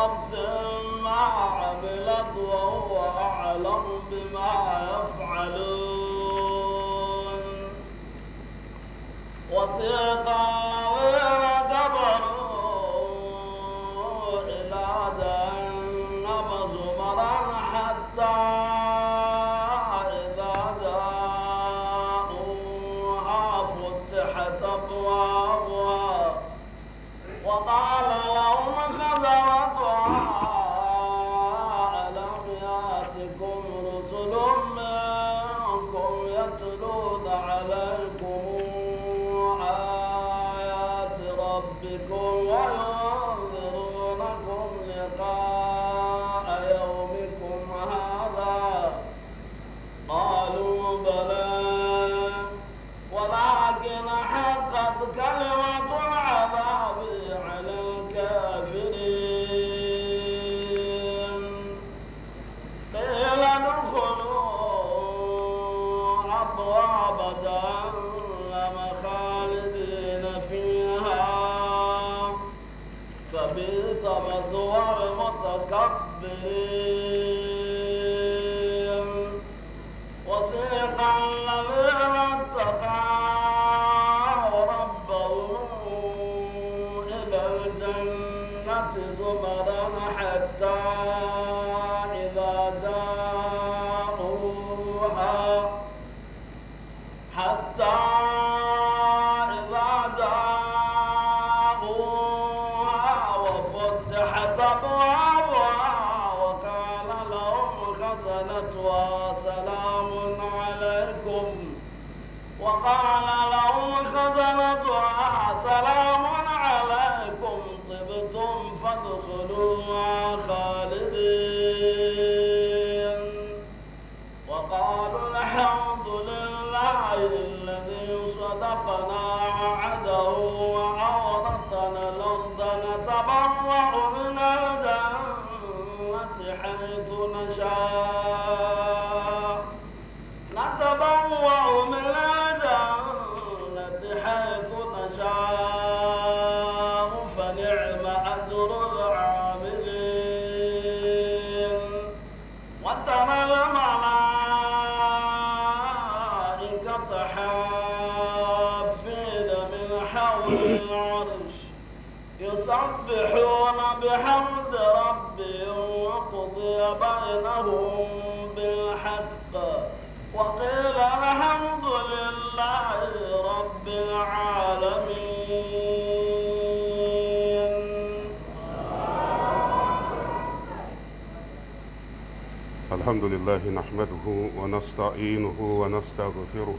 Psalms يسبحون بحمد ربي وقضي بينهم بالحق وقيل الحمد لله رب العالمين الحمد لله نحمده ونستعينه ونستغفره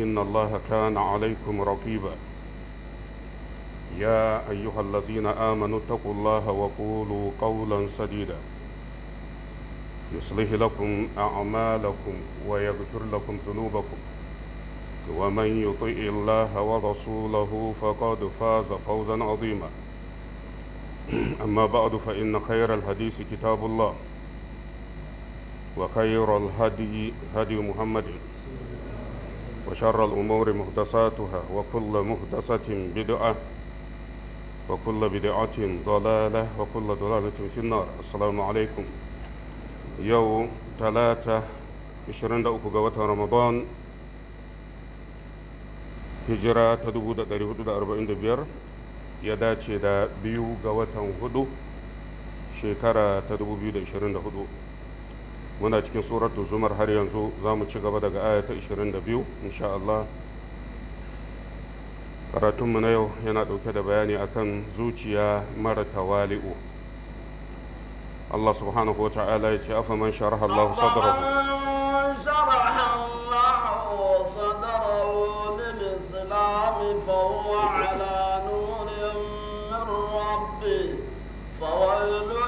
إن الله كان عليكم رقيبا يا أيها الذين آمنوا اتقوا الله وقولوا قولا سديدا يصلح لكم أعمالكم ويغفر لكم ذنوبكم ومن يطع الله ورسوله فقد فاز فوزا عظيما أما بعد فإن خير الحديث كتاب الله وخير الهدي هدي محمد وشر الأمور مهدساتها وكل مهدسة بدعة وكل بدعة ضلالة وكل ضلالة في النار السلام عليكم يوم ثلاثة 23 ga watan Ramadan hijira ta 1445 ya dace da biyu ga watan hudu shekara ta 2024 muna cikin suratul zumar har yanzu zamu ci gaba daga aya ta 22 insha Allah karatunmu na yau yana dauke da bayani akan zuciya mara tawali'u Allah subhanahu wa ta'ala ya ce afa man sharaha Allah sadrahu فهو على نور من ربه فويل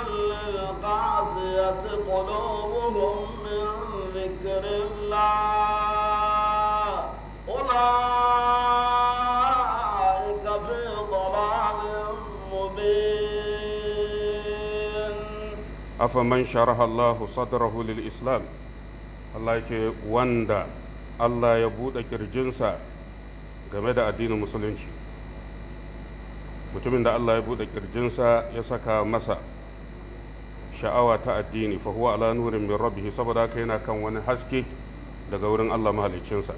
فعصيت قلوبهم من ذكر الله أولئك في ضلال مبين أفمن شرح الله صدره للإسلام الله يكي واندا الله يبود كرجنسا game da addinin musulunci mutumin da Allah ya buɗe ƙirjinsa ya saka masa sha'awa ta addini fa huwa ala nurin min rabbih saboda haka yana kan wani haske daga wurin Allah mahaliccinsa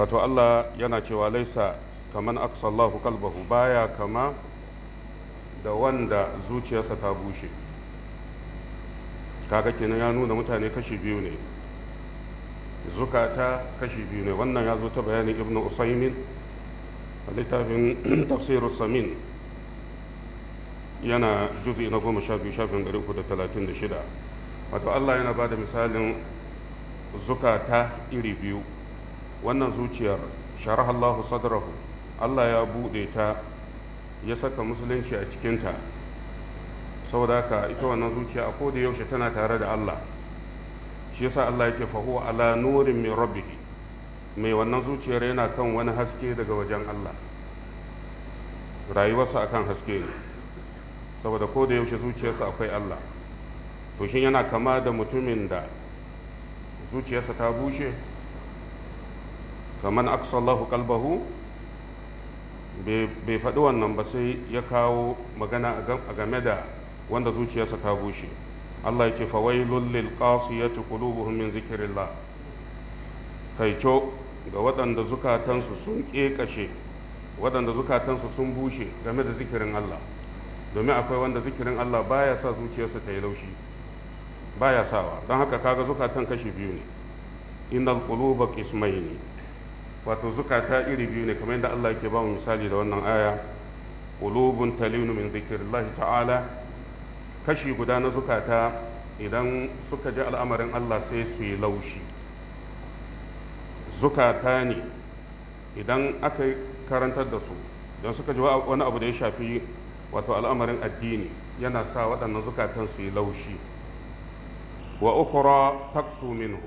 wato Allah yana cewa laisa kaman aksallahu kalbahu baya kama da wanda zuciyarsa ta bushe kaga kenan ya nuna mutane kashi biyu ne zukata kashi biyu ne wannan ya zo ta bayanin ibnu usaimin a littafin tafsirus samin yana jufi na goma sha biyu shafin ɗari uku da talatin da shida wato allah yana ba da misalin zukata iri biyu wannan zuciyar sharar allahu sadarahu allah ya buɗe ta ya saka musulunci a cikinta saboda haka ita wannan zuciya a koda yaushe tana tare da allah shi yasa allah yake fahu ala nurin mai rabbi mai wannan zuciyar yana kan wani haske daga wajen allah rayuwarsa a kan haske ne saboda ko da yaushe zuciyarsa akwai Allah to shi yana kama da mutumin da zuciyarsa ta bushe kaman Allahu kalbahu bai faɗi wannan ba sai ya kawo magana a game da wanda zuciyarsa ta bushe Allah ya ce ya lil qasiyati qulubuhum min zikrillah kaico ga waɗanda zukatansu sun ƙeƙashe waɗanda zukatansu sun bushe game da zikirin Allah domin akwai wanda zikirin Allah baya sa zuciyarsa ta yi laushi baya sawa don haka kaga zukatan kashi biyu ne innal quluba qismayn wato zukata iri biyu ne kamar yadda Allah yake ba mu misali da wannan aya qulubun talinu min zikrillahi ta'ala kashi guda na zukata idan suka ji al'amarin Allah sai su yi laushi zukata ne idan aka karantar da su don suka ji wani abu da ya shafi wato al'amarin addini yana sa waɗannan zukatan su yi laushi wa ukhra taksu minhu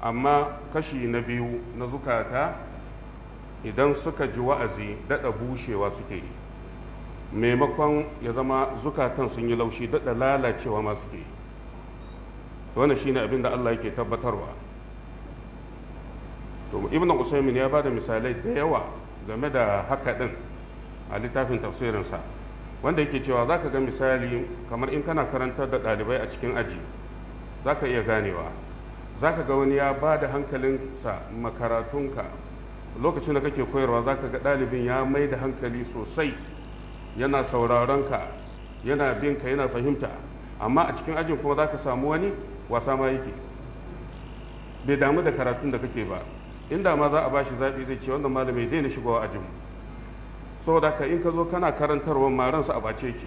amma kashi na biyu na zukata idan suka ji wa'azi daɗa bushewa suke yi maimakon ya zama zukatan sun yi laushi daɗa lalacewa ma suke yi wannan shine abin da Allah yake tabbatarwa to ibn usaymin ya ba da misalai da yawa game da haka din a littafin tafsirinsa wanda yake cewa za ka ga misali kamar in kana karantar da ɗalibai a cikin aji za ka iya ganewa za ka ga wani ya ba da hankalinsa makaratunka lokacin da kake koyarwa za ka ga ɗalibin ya mai da hankali sosai yana sauraron ka yana bin ka yana fahimta amma a cikin ajin kuma za ka samu wani wasa ma yake bai damu da karatun da kake ba inda ma za a shi zaɓi zai ce wanda malamai daina shigowa ajinmu saboda ka in ka zo kana karantarwa maransa a bace ki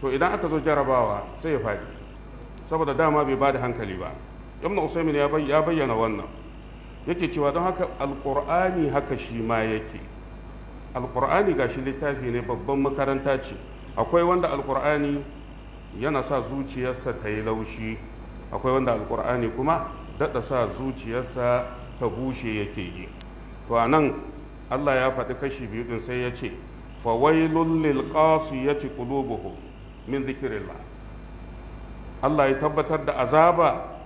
to idan aka zo jarabawa sai ya faɗi saboda dama bai ba da hankali ba ibn usaimin ya bayyana wannan yake cewa don haka alƙur'ani haka shi ma yake alƙur'ani ga shi littafi ne babban makaranta ce akwai wanda alƙur'ani yana sa zuciyarsa ta yi laushi akwai wanda alƙur'ani kuma daɗa sa zuciyarsa ta bushe yake yi to a nan Allah ya faɗi kashi biyu din sai ya ce fawailul ya qasiyati qulubuhum min dhikrillah Allah ya tabbatar da azaba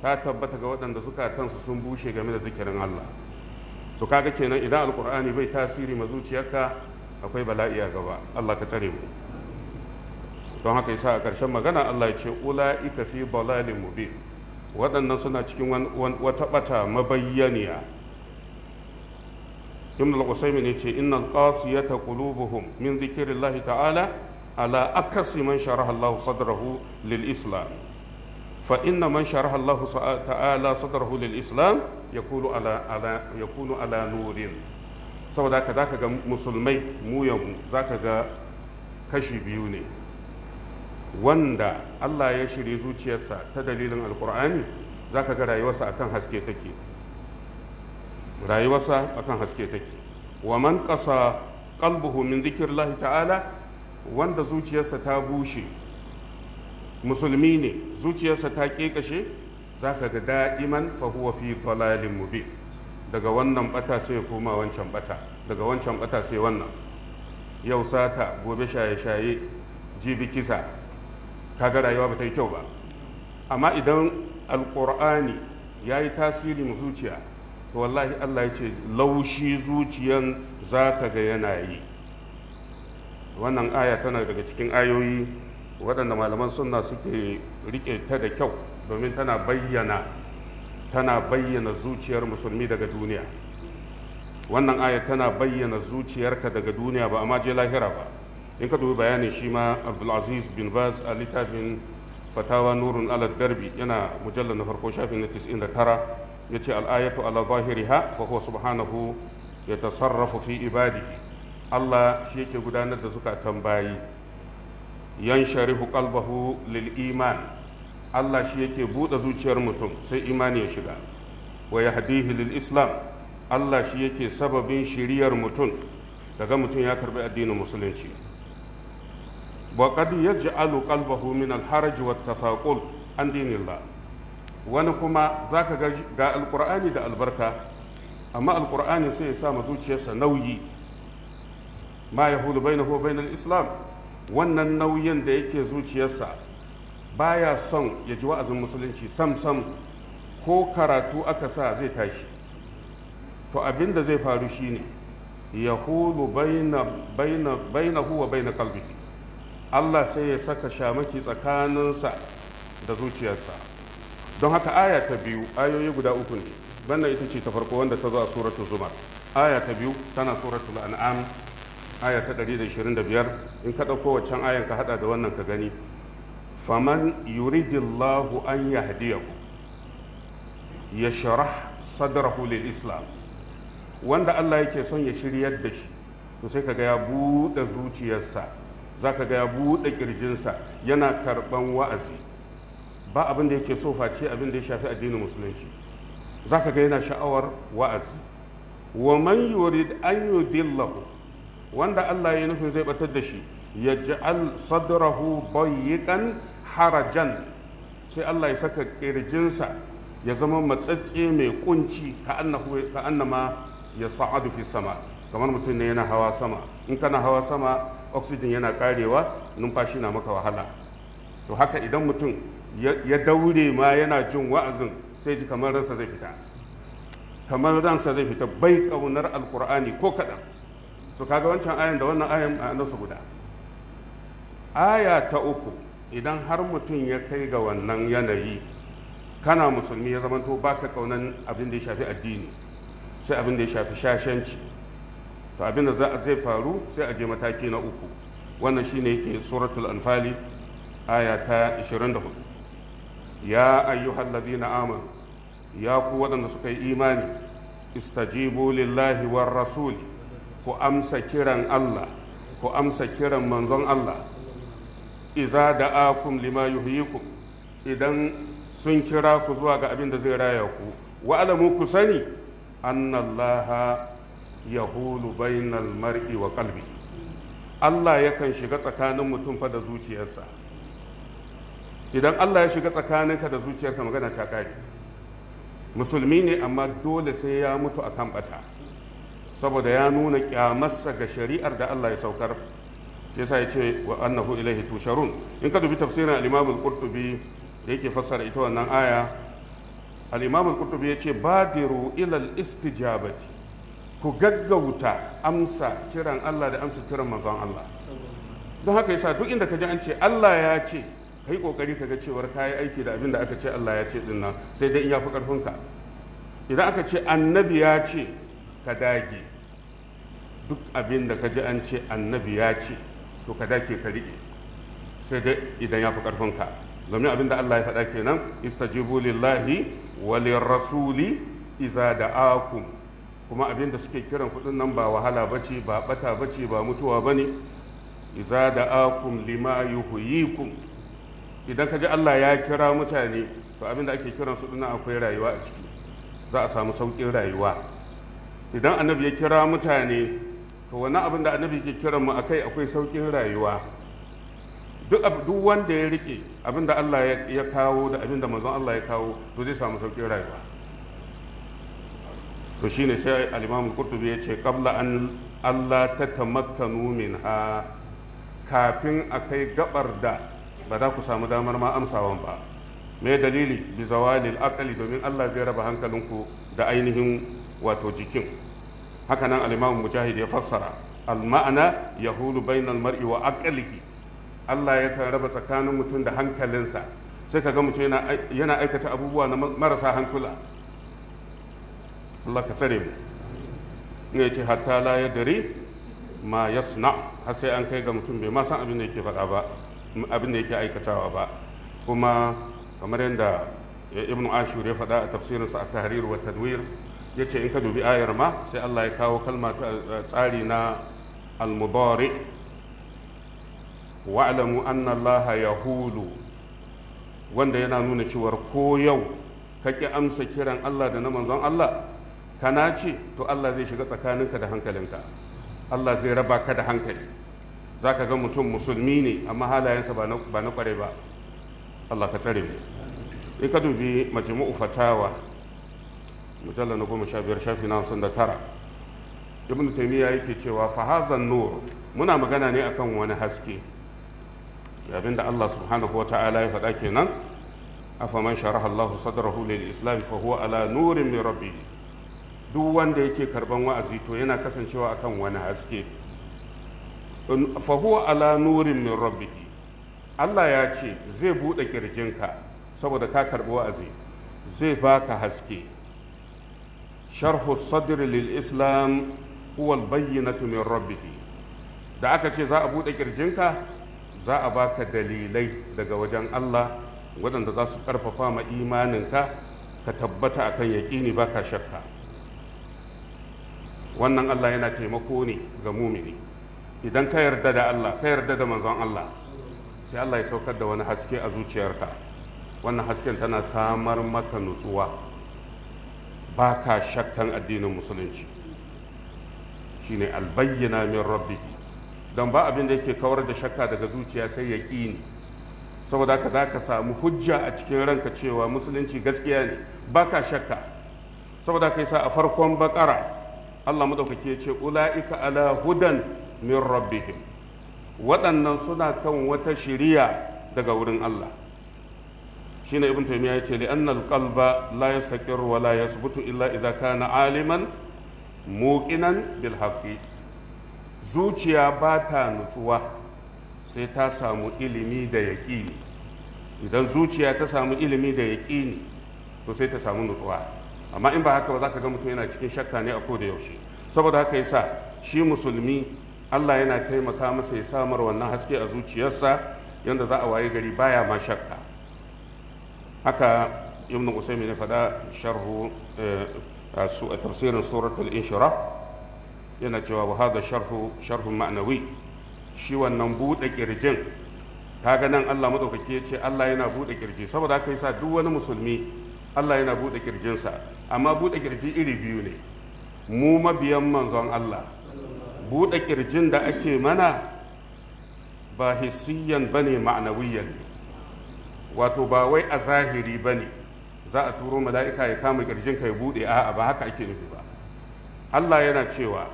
ta tabbata ga waɗanda zukatansu sun bushe game da zikirin Allah to kaga kenan idan alqur'ani bai tasiri ma zuciyarka akwai bala'i a gaba Allah ka tsare mu don haka yasa a ƙarshen magana Allah ya ce ula'ika fi balalin mubin waɗannan suna cikin wata bata mabayyaniya ibn al-usaymin yace innal qasiyata qulubuhum min dhikrillahi ta'ala ala akasi man sharaha Allah sadrahu lil islam fa inna man sharaha Allah ta'ala sadrahu lil islam yakunu ala ala yakunu ala nurin saboda haka zaka ga musulmai mu yamu zaka ga kashi biyu ne wanda Allah ya shirye zuciyarsa ta dalilin alqur'ani zaka ga rayuwarsa akan haske take rayuwarsa akan haske take wa man qasa qalbuhu min dhikrillahi ta'ala wanda zuciyarsa ta bushe musulmi ne zuciyarsa ta kekashe zaka ga da'iman fa huwa fi dalalin mubin daga wannan bata sai koma wancan bata daga wancan bata sai wannan yau sata gobe shaye-shaye jibi kisa kaga rayuwa ba ta yi kyau ba amma idan alkur'ani ya yi tasiri mu zuciya to wallahi Allah ya ce laushi zuciyan za ka ga yana yi wannan aya tana daga cikin ayoyi waɗanda malaman suna suke riƙe ta da kyau domin tana bayyana tana bayyana zuciyar musulmi daga duniya wannan aya tana bayyana zuciyarka daga duniya ba amma je lahira ba in ka dubi bayanin shi ma abdulaziz bin baz a littafin fatawa nurun alad darbi yana mujallar na farko shafin na 99 yace al-ayatu ala zahiriha fa huwa subhanahu yatasarrafu fi ibadi Allah shi yake gudanar da zukatan bayi yansharihu qalbahu lil iman Allah shi yake buɗe zuciyar mutum sai imani ya shiga wa yahdihi lil islam Allah shi yake sababin shiriyar mutum daga mutum ya karbi addinin musulunci wa qad yaj'alu qalbahu min al haraj wat tafaqul an dinillah wani kuma za ka ga alkur'ani da albarka amma alkur'ani sai ya sa ma zuciyarsa nauyi ma ya hudu bai na na islam wannan nauyin da yake zuciyarsa baya son ya ji wa'azin musulunci sam sam ko karatu aka sa zai tashi to abin da zai faru shine ya hulu na huwa na kalbi Allah sai ya saka shamaki tsakaninsa da zuciyarsa don haka aya ta biyu ayoyi guda uku ne wannan ita ce ta farko wanda ta zo a suratul zumar aya ta biyu tana suratul an'am aya ta 125 in ka ɗauko waccan ayan ka hada da wannan ka gani faman yuridillahu an yahdiyahu yashrah sadrahu lil islam wanda Allah yake son ya shiryar da shi to sai ga ya buɗe zuciyarsa zaka ga ya buɗe kirjinsa yana karɓan wa'azi ba abin da yake so face abin da ya shafi addinin musulunci zaka ga yana sha'awar wa'azi wa man yurid an yudillahu wanda Allah ya nufin zai batar da shi yaj'al sadrahu bayyiqan harajan sai Allah ya saka kirjinsa ya zama matsatse mai kunci ka annahu ka annama ya sa'adu fi sama kamar mutum ne yana hawa sama in kana hawa sama oxygen yana karewa numfashi na maka wahala to haka idan mutum ya daure ma yana jin wa'azin sai ji kamar ransa zai fita kamar ransa zai fita bai kaunar alkur'ani ko kaɗan to kaga wancan ayan da wannan ayan a nasu guda aya ta uku idan har mutum ya kai ga wannan yanayi kana musulmi ya zamanto ka kaunan abin da ya shafi addini sai abin da ya shafi shashanci to abin da zai faru sai a je mataki na uku wannan shine yake suratul anfali aya ta 24 ya ayyuhal na amanu ya ku waɗanda suka yi imani istajibu lillahi war rasul ku amsa kiran Allah ku amsa kiran manzon Allah iza da'akum lima yuhyikum idan sun kira ku zuwa ga abin da zai raya ku wa'alamu ku sani annallaha yahulu bainal wa Allah yakan shiga tsakanin mutum fa da zuciyarsa idan Allah ya shiga tsakaninka da zuciyarka magana ta kare musulmi ne amma dole sai ya mutu a kan bata saboda ya nuna kyamarsa ga shari'ar da Allah ya saukar sai sa ya ce wa annahu ilaihi tusharun in ka dubi tafsirin al-Imam al-Qurtubi da yake fassara ita wannan aya al-Imam qurtubi ya ce badiru ilal istijabati ku gaggauta amsa kiran Allah da amsa kiran manzon Allah don haka yasa duk inda ka ji an ce Allah ya ce ka yi ƙoƙari ka ga cewar ka yi aiki da abin da aka ce Allah ya ce ɗin sai dai in ya fi ƙarfinka idan aka ce annabi ya ce ka dage duk abin da ka ji an ce annabi ya ce to ka dage ka riƙe sai dai idan ya fi ƙarfinka domin abin da Allah ya faɗa kenan istajibu lillahi walin rasuli iza da'akum kuma abin da suke kiran kuɗin nan ba wahala bace ba bata bace ba mutuwa bane iza da'akum lima yuhyikum idan ka ji Allah ya kira mutane to abin da ake kiransu ɗin akwai rayuwa a ciki za a samu sauƙin rayuwa idan annabi ya kira mutane to wani abin da annabi ke kiran mu akai akwai sauƙin rayuwa duk duk wanda ya rike abin da Allah ya kawo da abin da manzon Allah ya kawo to zai samu sauƙin rayuwa to shine sai al-Imam Qurtubi ya ce qabla an Allah ta tamakkanu ha kafin akai gabar da ba za ku samu damar ma amsawan ba me dalili bi zawalil akali domin Allah zai raba hankalinku da ainihin wato jikin haka nan al-Imam Mujahid ya fassara al-ma'ana yahulu bainal mar'i wa aqlihi Allah ya kan raba tsakanin mutum da hankalinsa sai kaga mutum yana yana aikata abubuwa na marasa hankula Allah ka tsare mu ne ce hatta la yadri ma yasna har sai an kai ga mutum bai ma san abin da yake faɗa ba abin da yake aikatawa ba kuma kamar yadda ibn ashur ya faɗa a tafsirinsa a tahrir wa tadwir ya ce in ka dubi ayar ma sai Allah ya kawo kalma ta eh, tsari na almubari mudari wa'lamu anna Allah wanda yana nuna cewar ko yau ka ki amsa kiran Allah da na manzon Allah kana ce to Allah zai shiga tsakaninka da hankalinka Allah zai raba ka da hankali za ka ga mutum musulmi ne amma halayensa ba na kware ba allah ka tsare mu in ka dubi majmu'u fatawa mujalla na goma sha biyar shafi na hamsin da tara ibn taimiyya yake cewa fahazan nur muna magana ne akan wani haske abin da allah subhanahu wa ta'ala ya faɗa kenan afaman sharaha allahu sadrahu lil islam fa huwa ala nurin min rabbi duk wanda yake karban wa'azi to yana kasancewa akan wani haske fa ala nurin min rabbih Allah ya ce zai bude kirjinka saboda ka karbi wa'azi zai baka haske sharhu sadr lil islam huwa al bayyinatu min da aka ce za a bude ƙirjinka za a baka dalilai daga wajen Allah waɗanda za su ƙarfafa ma imaninka ka tabbata akan yaƙini baka shakka wannan Allah yana taimako ne ga mumini idan ka yarda da Allah ka yarda da manzon Allah sai Allah ya saukar da wani haske a zuciyarka wannan hasken tana samar maka nutsuwa ba ka shakkan addinin musulunci shine albayyana min rabbi don ba abin da yake kawar da shakka daga zuciya sai ya ne saboda haka za ka samu hujja a cikin ranka cewa musulunci gaskiya ne ba ka shakka saboda haka yasa a farkon bakara Allah madaukake ce ula'ika ala hudan min rabbihim waɗannan suna kan wata shiriya daga wurin Allah ne ibn taymiya ce li anna al-qalba la yastaqirru wa la yathbutu illa idza kana aliman muqinan bil haqqi zuciya ba ta nutsuwa sai ta samu ilimi da yaƙini idan zuciya ta samu ilimi da yaƙini to sai ta samu nutsuwa amma in ba haka ba za ka ga mutum yana cikin shakka ne a ko da yaushe saboda haka yasa shi musulmi Allah yana taimaka masa ya samar wannan haske a zuciyarsa yadda za a waye gari baya ma shakka haka ibn usaimi ne faɗa sharhu eh, a tafsirin suratul inshira yana cewa wa hada sharhu sharhu ma'nawi shi wannan buɗe kirjin ta ganin Allah madaukaki ya ce Allah yana buɗe kirji saboda haka yasa duk wani musulmi Allah yana buɗe kirjinsa amma buɗe kirji iri biyu ne mu mabiyan manzon Allah buɗe ƙirjin da ake mana ba hissiyan ba ne ma'anawiyan wato ba wai a zahiri ba ne za a turo mala'ika ya kama ƙirjin ka ya buɗe a'a ba haka ake nufi ba allah yana cewa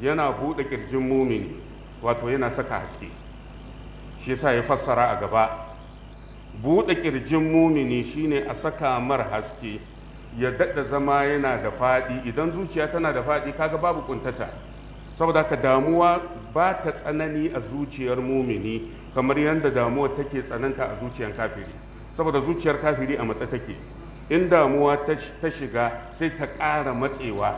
yana buɗe ƙirjin mumini wato yana saka haske shi yasa ya fassara a gaba buɗe ƙirjin mumini shine a saka mar haske ya daɗa zama yana da faɗi idan zuciya tana da faɗi kaga babu ƙuntata saboda haka damuwa ba ta tsanani a zuciyar mumini kamar yadda damuwa take tsananta a zuciyar kafiri saboda zuciyar kafiri a matsa take in damuwa ta shiga sai ta ƙara matsewa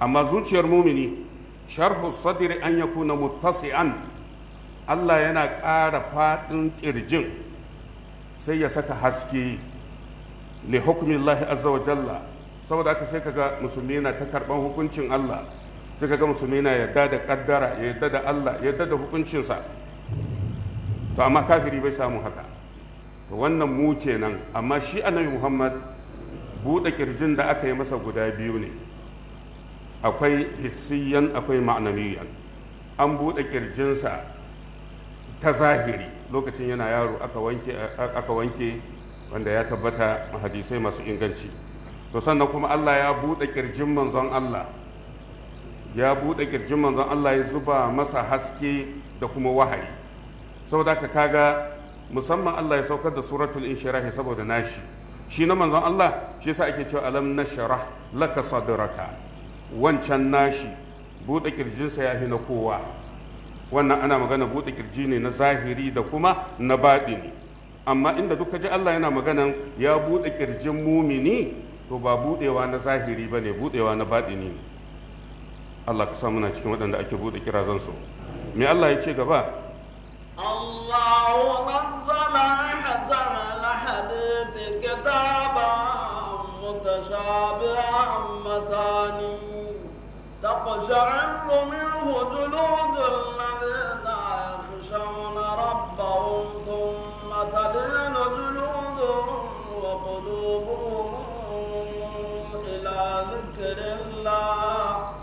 amma zuciyar mumini sharhu sadri an ya yakuna muttasi'an Allah yana ƙara faɗin ƙirjin sai ya saka haske li hukumin Allah azza wa jalla saboda aka sai kaga musulmi yana ta karɓar hukuncin Allah sai ga musulmi na yadda da kaddara yadda da Allah yadda da hukuncinsa to amma kafiri bai samu haka to wannan mu kenan amma shi annabi Muhammad buɗe kirjin da aka yi masa guda biyu ne akwai hissiyan akwai ma'anamiyan an buɗe kirjinsa ta zahiri lokacin yana yaro aka wanke wanda ya tabbata hadisai masu inganci to sannan kuma Allah ya buɗe kirjin manzon Allah ya buɗe ƙirjin manzon Allah ya zuba masa haske da kuma wahayi saboda ka kaga musamman Allah ya saukar da suratul inshirah saboda nashi shi na manzon Allah shi yasa ake cewa alam nashrah laka sadraka wancan nashi buɗe kirjinsa ya na kowa wannan ana magana buɗe kirji ne na zahiri da kuma na baɗini amma inda duka ji Allah yana magana ya buɗe kirjin mumini to ba buɗewa na zahiri ba ne buɗewa na baɗini ne الله كسامنا يشكو مدن ده أكبر ذكر أزنسو مي الله يشي كبا الله نزل حزم الحديث كتابا متشابعا متاني تقشعر من جلود الذين يخشون ربهم ثم تلين جلودهم وقلوبهم إلى ذكر الله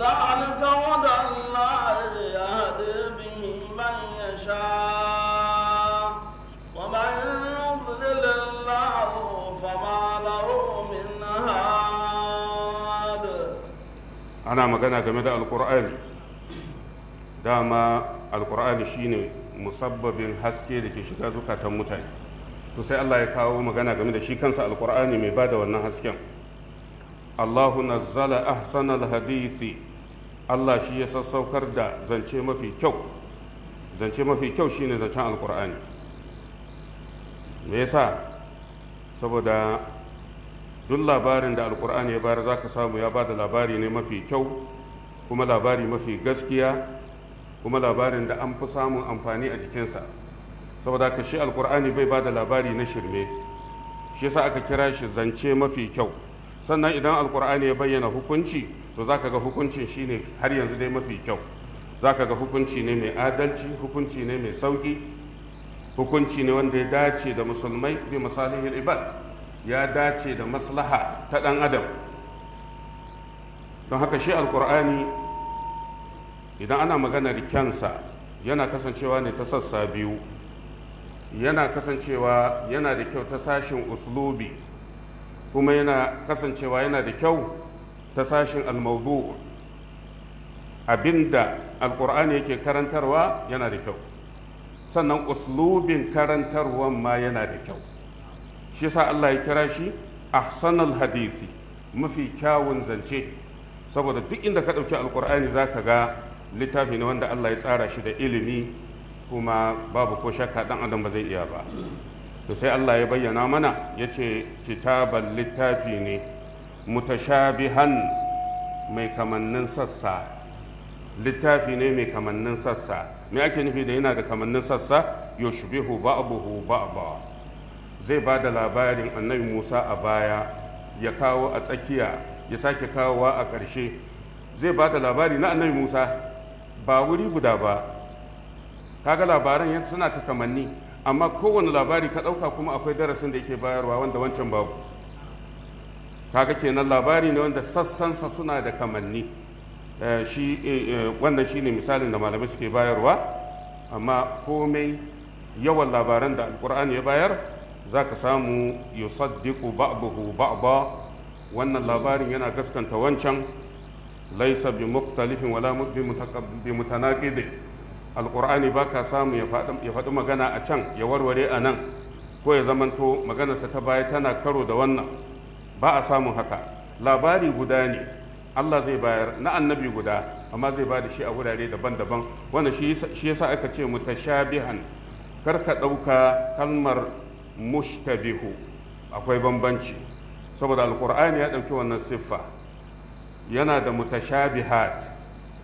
ذلك هدى الله يهدي به من يشاء ومن يضلل الله فما له من هاد أنا مجانا جميل القرآن dama alkur'ani shine musabbabin haske da ke shiga zukatan mutane to sai Allah ya kawo magana game da shi kansa alkur'ani mai bada wannan hasken Allahu nazzala ahsanal hadisi. Allah shi ya sassaukar da zance mafi kyau zance mafi kyau shine zancen alkur'ani me yasa saboda duk labarin da alkur'ani ya bayar za ka samu ya ba da labari ne mafi kyau kuma labari mafi gaskiya kuma labarin da an fi samun amfani a jikinsa saboda ka shi alkur'ani bai ba da labari na shirme shi yasa aka kira shi zance mafi kyau sannan idan alkur'ani ya bayyana hukunci to za ka ga hukuncin shi ne har yanzu dai mafi kyau za ka ga hukunci ne mai adalci hukunci ne mai sauƙi hukunci ne wanda ya dace da musulmai bi misalihin ibad ya dace da maslaha ta ɗan adam don haka shi alkur'ani idan ana maganar kyansa yana kasancewa ne ta sassa biyu yana kasancewa yana da kyau ta sashin uslubi kuma yana kasancewa yana da kyau ta sashin almaudu abinda alkur'ani yake karantarwa yana da kyau sannan uslubin karantarwan ma yana da kyau shi yasa Allah ya kira shi ahsanal hadithi mafi kyawun zance saboda duk inda ka ɗauki alkur'ani za ka ga littafi ne wanda Allah ya tsara shi da ilimi kuma babu ko shakka ɗan adam ba zai iya ba to sai Allah ya bayyana mana ya ce kitaban littafi ne mutashabihan mai kamannin sassa littafi ne mai kamannin sassa me ake nufi da yana da kamannin sassa yushbihu ba'dahu ba'da zai ba da labarin annabi Musa a baya ya kawo a tsakiya ya sake kawowa a ƙarshe zai ba da labari na annabi Musa ba wuri guda ba kaga labaran yanzu suna ta kamanni amma kowane labari ka ɗauka kuma akwai darasin da yake bayarwa wanda wancan babu kaga kenan labari ne wanda sassansa suna da kamanni eh, eh, eh, wannan shine misalin da malamai suke bayarwa amma komai yawan labaran da alkur'ani ya bayar za ka samu yusaddiqu ba'dahu ba'da wannan labarin yana gaskanta wancan laisa bi muktalifin wala bi mutanaqidin alqur'ani ba ka samu ya faɗi magana a can ya warware a nan ko ya zamanto maganarsa ta baya tana karo da wannan ba a samun haka labari guda ne Allah zai bayar na annabi guda amma zai ba da shi a wurare daban-daban wanda shi yasa aka ce mutashabihan kar ka ɗauka kalmar mushtabihu akwai bambanci saboda alkur'ani ya ɗauki wannan siffa yana da mutashabihat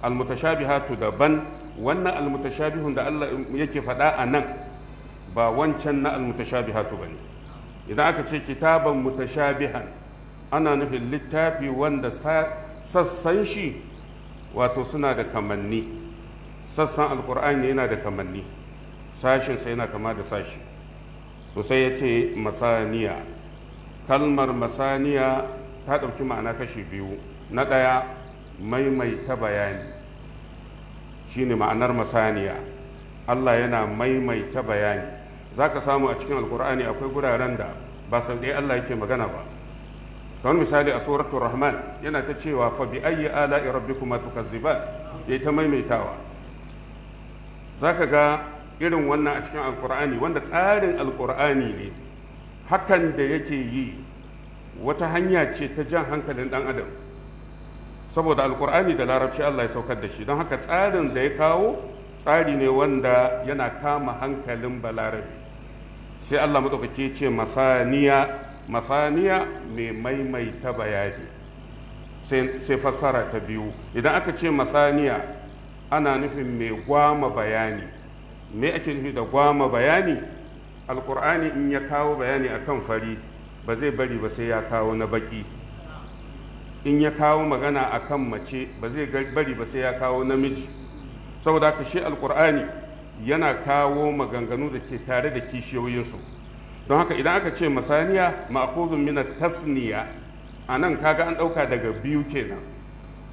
almutashabihatu daban wannan almutashabihun da Allah yake faɗa a nan ba wancan na almutashabihatu bane idan aka ce kitaban mutashabihan ana nufin littafi wanda sassan shi wato suna da kamanni sassan alkur'ani yana da kamanni sashinsa yana kama da sashi to sai ya ce masaniya kalmar masaniya ta ɗauki ma'ana kashi biyu na ɗaya maimaita bayani shine ma'anar masaniya allah yana maimaita bayani za ka samu a cikin alkur'ani akwai guraren da ba sau ɗaya allah yake magana ba don misali a suratul rahman yana ta cewa fa bi ayyi ala'i rabbikuma tukazziban yayi ta maimaitawa zaka ga irin wannan a cikin alkur'ani wanda tsarin alkur'ani ne hakan da yake yi wata hanya ce ta jan hankalin dan adam saboda alkur'ani da larabci allah ya saukar da shi don haka tsarin da ya kawo tsari ne wanda yana kama hankalin balarabi sai allah maɗaukaki ce masaniya masaniya mai maimaita bayani sai fassara ta biyu idan aka ce masaniya ana nufin mai gwama bayani me ake nufi da gwama bayani alkur'ani in ya kawo bayani akan fari ba zai bari ba sai ya kawo na baki in ya kawo magana akan mace ba zai bari ba sai ya kawo namiji saboda haka shi alkur'ani yana kawo maganganu da ke tare da kishiyoyinsu don haka idan aka ce masaniya ma'khuzun min tasniya anan kaga an ɗauka daga biyu kenan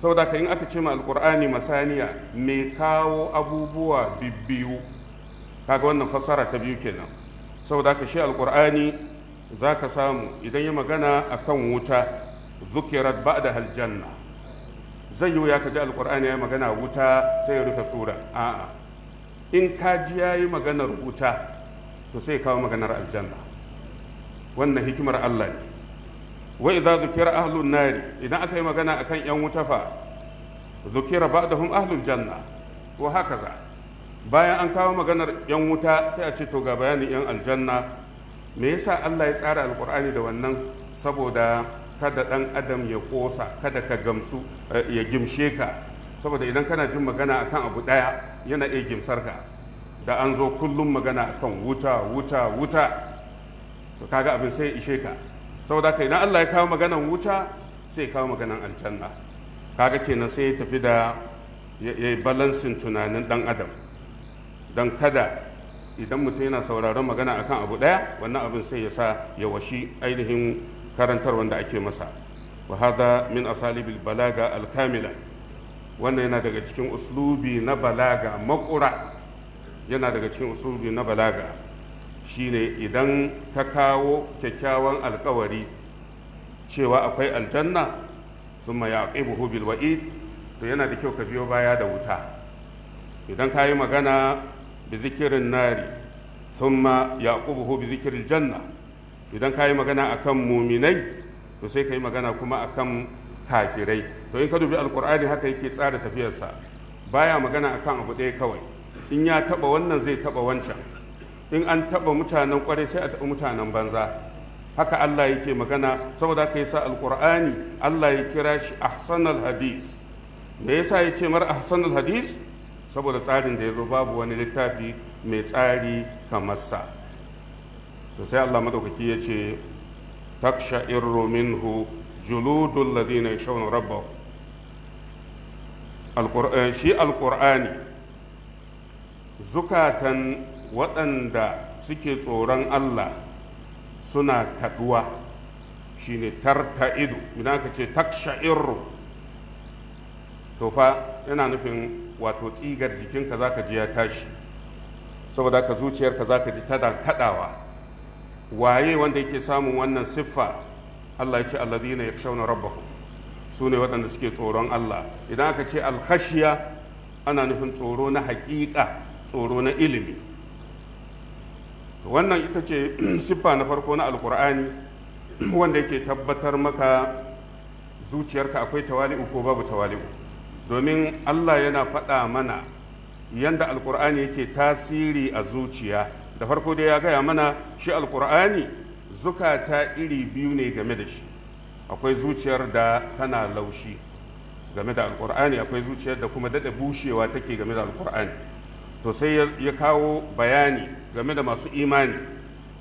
saboda ka in aka ce ma alqur'ani masaniya mai kawo abubuwa bibbiyu kaga wannan fassara ta biyu kenan saboda ka shi za zaka samu idan yi magana akan wuta zukirat da aljanna zai yi ya kaji alqur'ani ya magana wuta sai ya rufe sura a'a in kaji yayi maganar wuta to sai kawo maganar aljanna wannan hikimar Allah ne wai za zukira ahlun nari idan aka yi magana akan yan wuta fa zukira ba'dahum ahlul janna haka hakaza bayan an kawo maganar yan wuta sai a ce to ga bayanin yan aljanna me yasa Allah ya tsara Alkur'ani da wannan saboda kada dan adam ya kosa kada ka gamsu eh, ya gimshe ka saboda idan kana jin magana akan abu daya yana iya gimsar ka da an zo kullum magana akan wuta wuta wuta to kaga abin sai ya ishe ka saboda haka idan Allah ya kawo maganan wuta sai ya kawo maganan aljanna kaga kenan sai ya tafi da ya yi balansin tunanin dan adam don kada idan mutum yana sauraron magana akan abu daya wannan abin sai ya sa ya washi ainihin karantar wanda ake masa wa hada min asalibil balaga alkamila wannan yana daga cikin uslubi na balaga makura yana daga cikin uslubi na balaga shine idan ta kawo kyakkyawan alkawari cewa akwai aljanna sun ma yaqibuhu bil wa'id to yana da kyau ka biyo baya da wuta idan ka yi magana bi zikirin nari sun ma yaqibuhu bi zikirin janna idan ka yi magana akan muminai to sai ka yi magana kuma akan kafirai to in ka dubi alkur'ani haka yake tsara tafiyarsa baya magana akan abu ɗaya kawai in ya taɓa wannan zai taɓa wancan in an taɓa mutanen ƙwarai sai a taɓa mutanen banza haka Allah yake magana saboda ka yasa alqur'ani Allah ya kira shi ahsanul hadis me yasa ya ce mar ahsanul hadis saboda tsarin da ya zo babu wani littafi mai tsari kamar sa to sai Allah madaukaki ya ce minhu juludul ladina yashawna rabbahum eh, shi alqur'ani zukatan waɗanda suke tsoron Allah suna taɗuwa shine tarta ido idan aka ce takshairu to fa yana nufin wato tsigar jikinka ka ji ya tashi saboda ka zuciyarka ka ji ta kaɗawa waye wanda yake samun wannan siffa Allah ya ce na yakshawna su ne waɗanda suke tsoron Allah idan aka ce alkhashiya ana nufin tsoro na haƙiƙa tsoro na ilimi wannan ita ce siffa na farko na alkur'ani wanda yake tabbatar maka zuciyarka akwai tawali'u ko babu tawali'u domin allah yana faɗa mana yanda alkur'ani yake tasiri a zuciya da farko dai ya gaya mana shi alkur'ani zukata iri biyu ne game da shi akwai zuciyar da tana laushi game da alkur'ani akwai zuciyar da kuma daɗa bushewa take game da alkur'ani to sai ya kawo bayani game da masu imani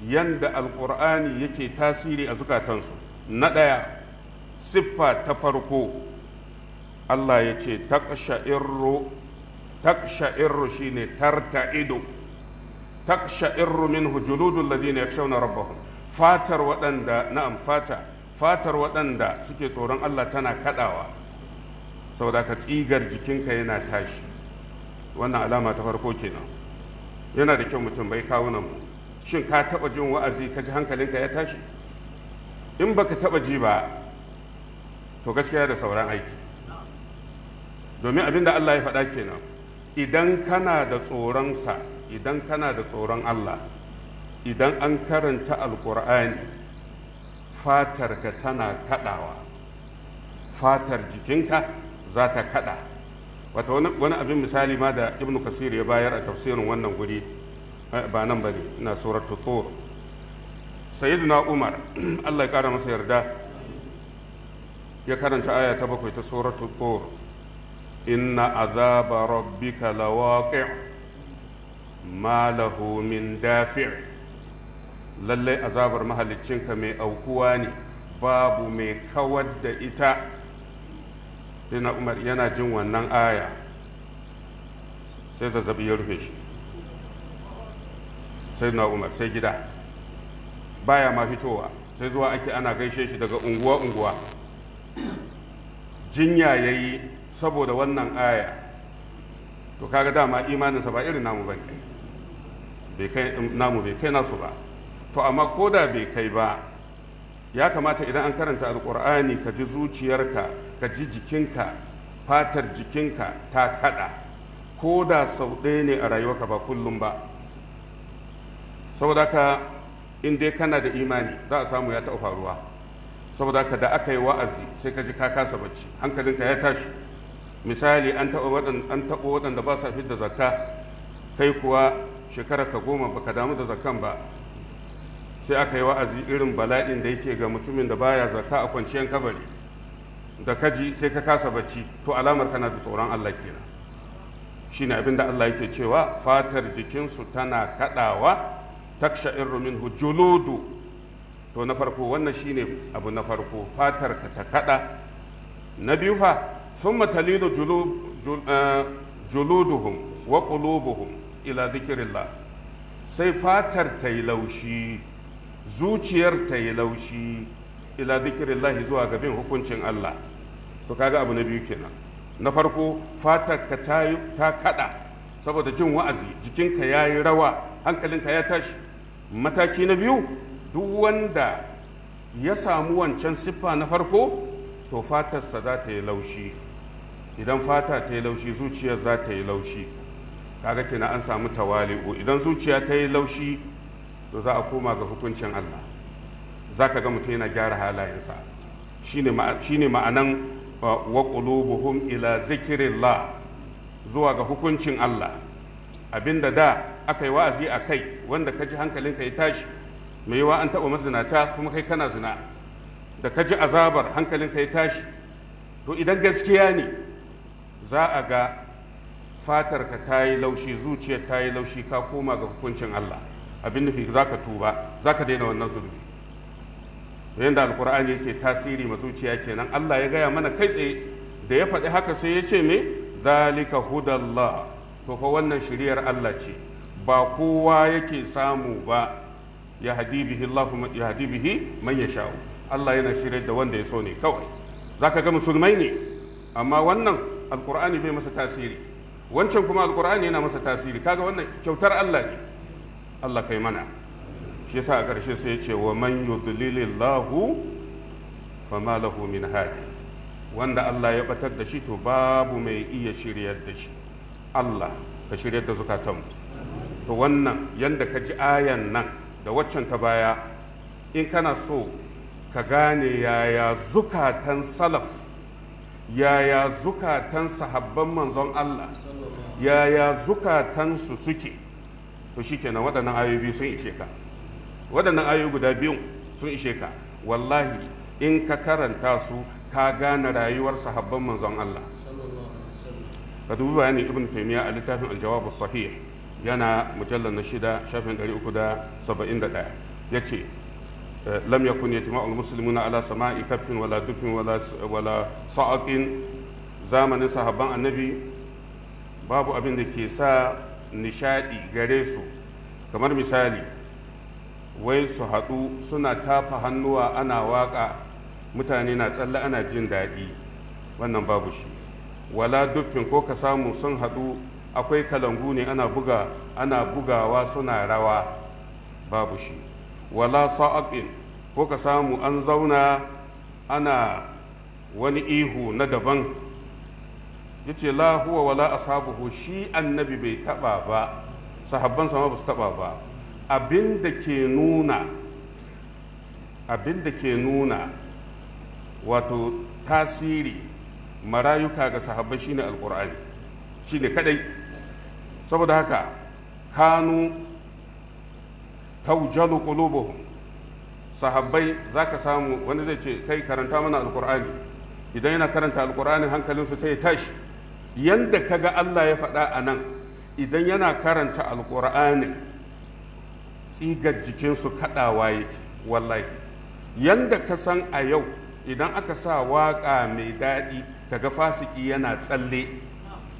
yanda alkur'ani yake tasiri a zukatansu na ɗaya siffa ta farko Allah ya ce taksha'irru shi ne tarta'ido taksha'irru min hujuludun ladina ya shauna rabbahum fatar waɗanda na'am fata fatar waɗanda suke tsoron Allah tana kaɗawa saboda ka tsigar jikinka yana tashi wannan alama ta farko kenan yana da kyau mutum bai kawunan mu shin ka taba jin wa'azi ka ji hankalinka ya tashi in baka taba ji ba to gaskiya da sauran aiki domin abin da Allah ya faɗa kenan idan kana da tsoron sa idan kana da tsoron Allah idan an karanta alkur'ani fatarka tana kaɗawa fatar jikinka za ta kaɗa wata wani abin misali ma da ibnu kasir ya bayar a tafsirin wannan guri eh, ba nan ba ne ina surar tutur sayyiduna umar allah ya kara masa yarda ya karanta aya ta bakwai ta surar tutur inna azaba rabbika lawaqi' ma lahu min dafi' lallai azabar ka mai aukuwa ne babu mai kawar da ita sai na umar yana jin wannan aya sai zazzabi ya rufe shi sai na umar sai gida baya ma fitowa sai zuwa ake ana gaishe shi daga unguwa-unguwa jinya ya yi saboda wannan aya to kaga dama imaninsa ba irin namu ba namu bai kai nasu ba to amma ko da bai kai ba ya kamata idan an karanta alkur'ani ka ji zuciyarka ka ji jikinka fatar jikinka ta kada ko da sau ɗaya ne a rayuwarka ba kullum ba saboda ka in dai kana da imani za a samu ya taɓa faruwa saboda ka da aka yi wa'azi sai ka ji ka kasa bacci hankalinka ya tashi misali an taɓa waɗanda ba sa fi da zakka kai kuwa shekara ka goma ba ka damu da zakkan ba sai aka yi wa'azi irin bala'in da yake ga mutumin da baya zakka a kwanciyar kabari da kaji sai ka kasa bacci to alamar kana da tsoron Allah kenan shine abin da Allah yake cewa fatar jikinsu tana kadawa taksha'irru minhu juludu to na farko wannan shine abu na farko fatar ka ta kada na biyu fa thumma talidu eh, juluduhum wa qulubuhum ila dhikrillah sai fatar ta yi laushi zuciyar ta yi laushi ila zikirillahi zuwa ga bin hukuncin Allah to kaga abu na biyu kenan na farko fatarka ta ta kada saboda jin wa'azi jikinka ya yi rawa hankalinka ya tashi mataki na biyu duk wanda ya samu wancan siffa na farko to fatarsa za ta yi laushi idan fata ta yi laushi zuciyar za ta yi laushi kaga kina an samu tawali'u idan zuciya ta yi laushi to za a koma ga hukuncin Allah za ka ga mutum yana gyara halayensa shi ne ma'anan uh, wa qulubuhum ila zikirillah zuwa ga hukuncin Allah abinda da aka yi wa'azi a kai wanda ka ji hankalinka ya tashi mai yiwa an taɓa mazinata kuma kai kana zina da ka ji azabar hankalinka ya tashi to idan gaskiya ne za a ga fatarka ta yi laushi zuciyar ta yi laushi ka koma ga hukuncin Allah abin nufi za ka tuba za ka daina wannan zunubi yadda alkur'ani yake tasiri ma zuciya kenan Allah ya gaya mana kai tsaye da ya faɗi haka sai ya ce me zalika hudallah to fa wannan shiriyar Allah ce ba kowa yake samu ba ya hadibihi Allah ya hadibihi man sha'u Allah yana shiryar da wanda ya so ne kawai zaka ga musulmai ne amma wannan alkur'ani bai masa tasiri wancan kuma alkur'ani yana masa tasiri kaga wannan kyautar Allah ne Allah kai mana shi yasa a ƙarshe sai ya ce wa man yudlilillahu ma lahu min hadi wanda Allah ya batar da shi to babu mai iya shiryar da shi Allah ka shiryar da zukatanmu to wannan yanda ka ji ayan nan da waccan ka baya in kana so ka gane yaya zukatan salaf yaya zukatan sahabban manzon Allah yaya zukatansu suke to shikenan waɗannan ayoyi sun ishe ka waɗannan ayoyi guda biyun sun ishe ka wallahi in ka karanta su ka gane rayuwar sahabban manzon Allah ka dubi bayanin ibn taymiya a littafin aljawabu sahih yana mujallar na shida shafin ɗaya. ya ce eh, lam yakun yatima'ul muslimuna ala sama'i kafin wala dufin wala sa'aqin zamanin sahabban annabi babu abin da ke sa nishadi gare su kamar misali wai su haɗu suna tafa hannuwa ana waƙa mutane na tsalle ana jin daɗi wannan babu shi wala duffin ko ka samu sun haɗu akwai kalangu ne ana buga ana bugawa suna rawa babu shi wala sa'abin ko ka samu an zauna ana wani ihu na daban ya ce la huwa wala ashabuhu shi annabi bai taɓa ba sahabban sama ba su taɓa ba Abinda ke nuna abinda ke nuna wato tasiri marayuka ga sahabbai shine alkur'ani shine kadai saboda haka kanu taujalu qulubuhum sahabbai zaka samu wani zai ce kai karanta mana alkur'ani idan yana karanta alkur'ani hankalinsa sai ya tashi yanda kaga Allah ya faɗa a nan idan yana karanta alkur'ani tsigar jikinsu kaɗawa yi wallahi yadda ka san a yau idan aka sa waƙa mai daɗi daga fasiki yana tsalle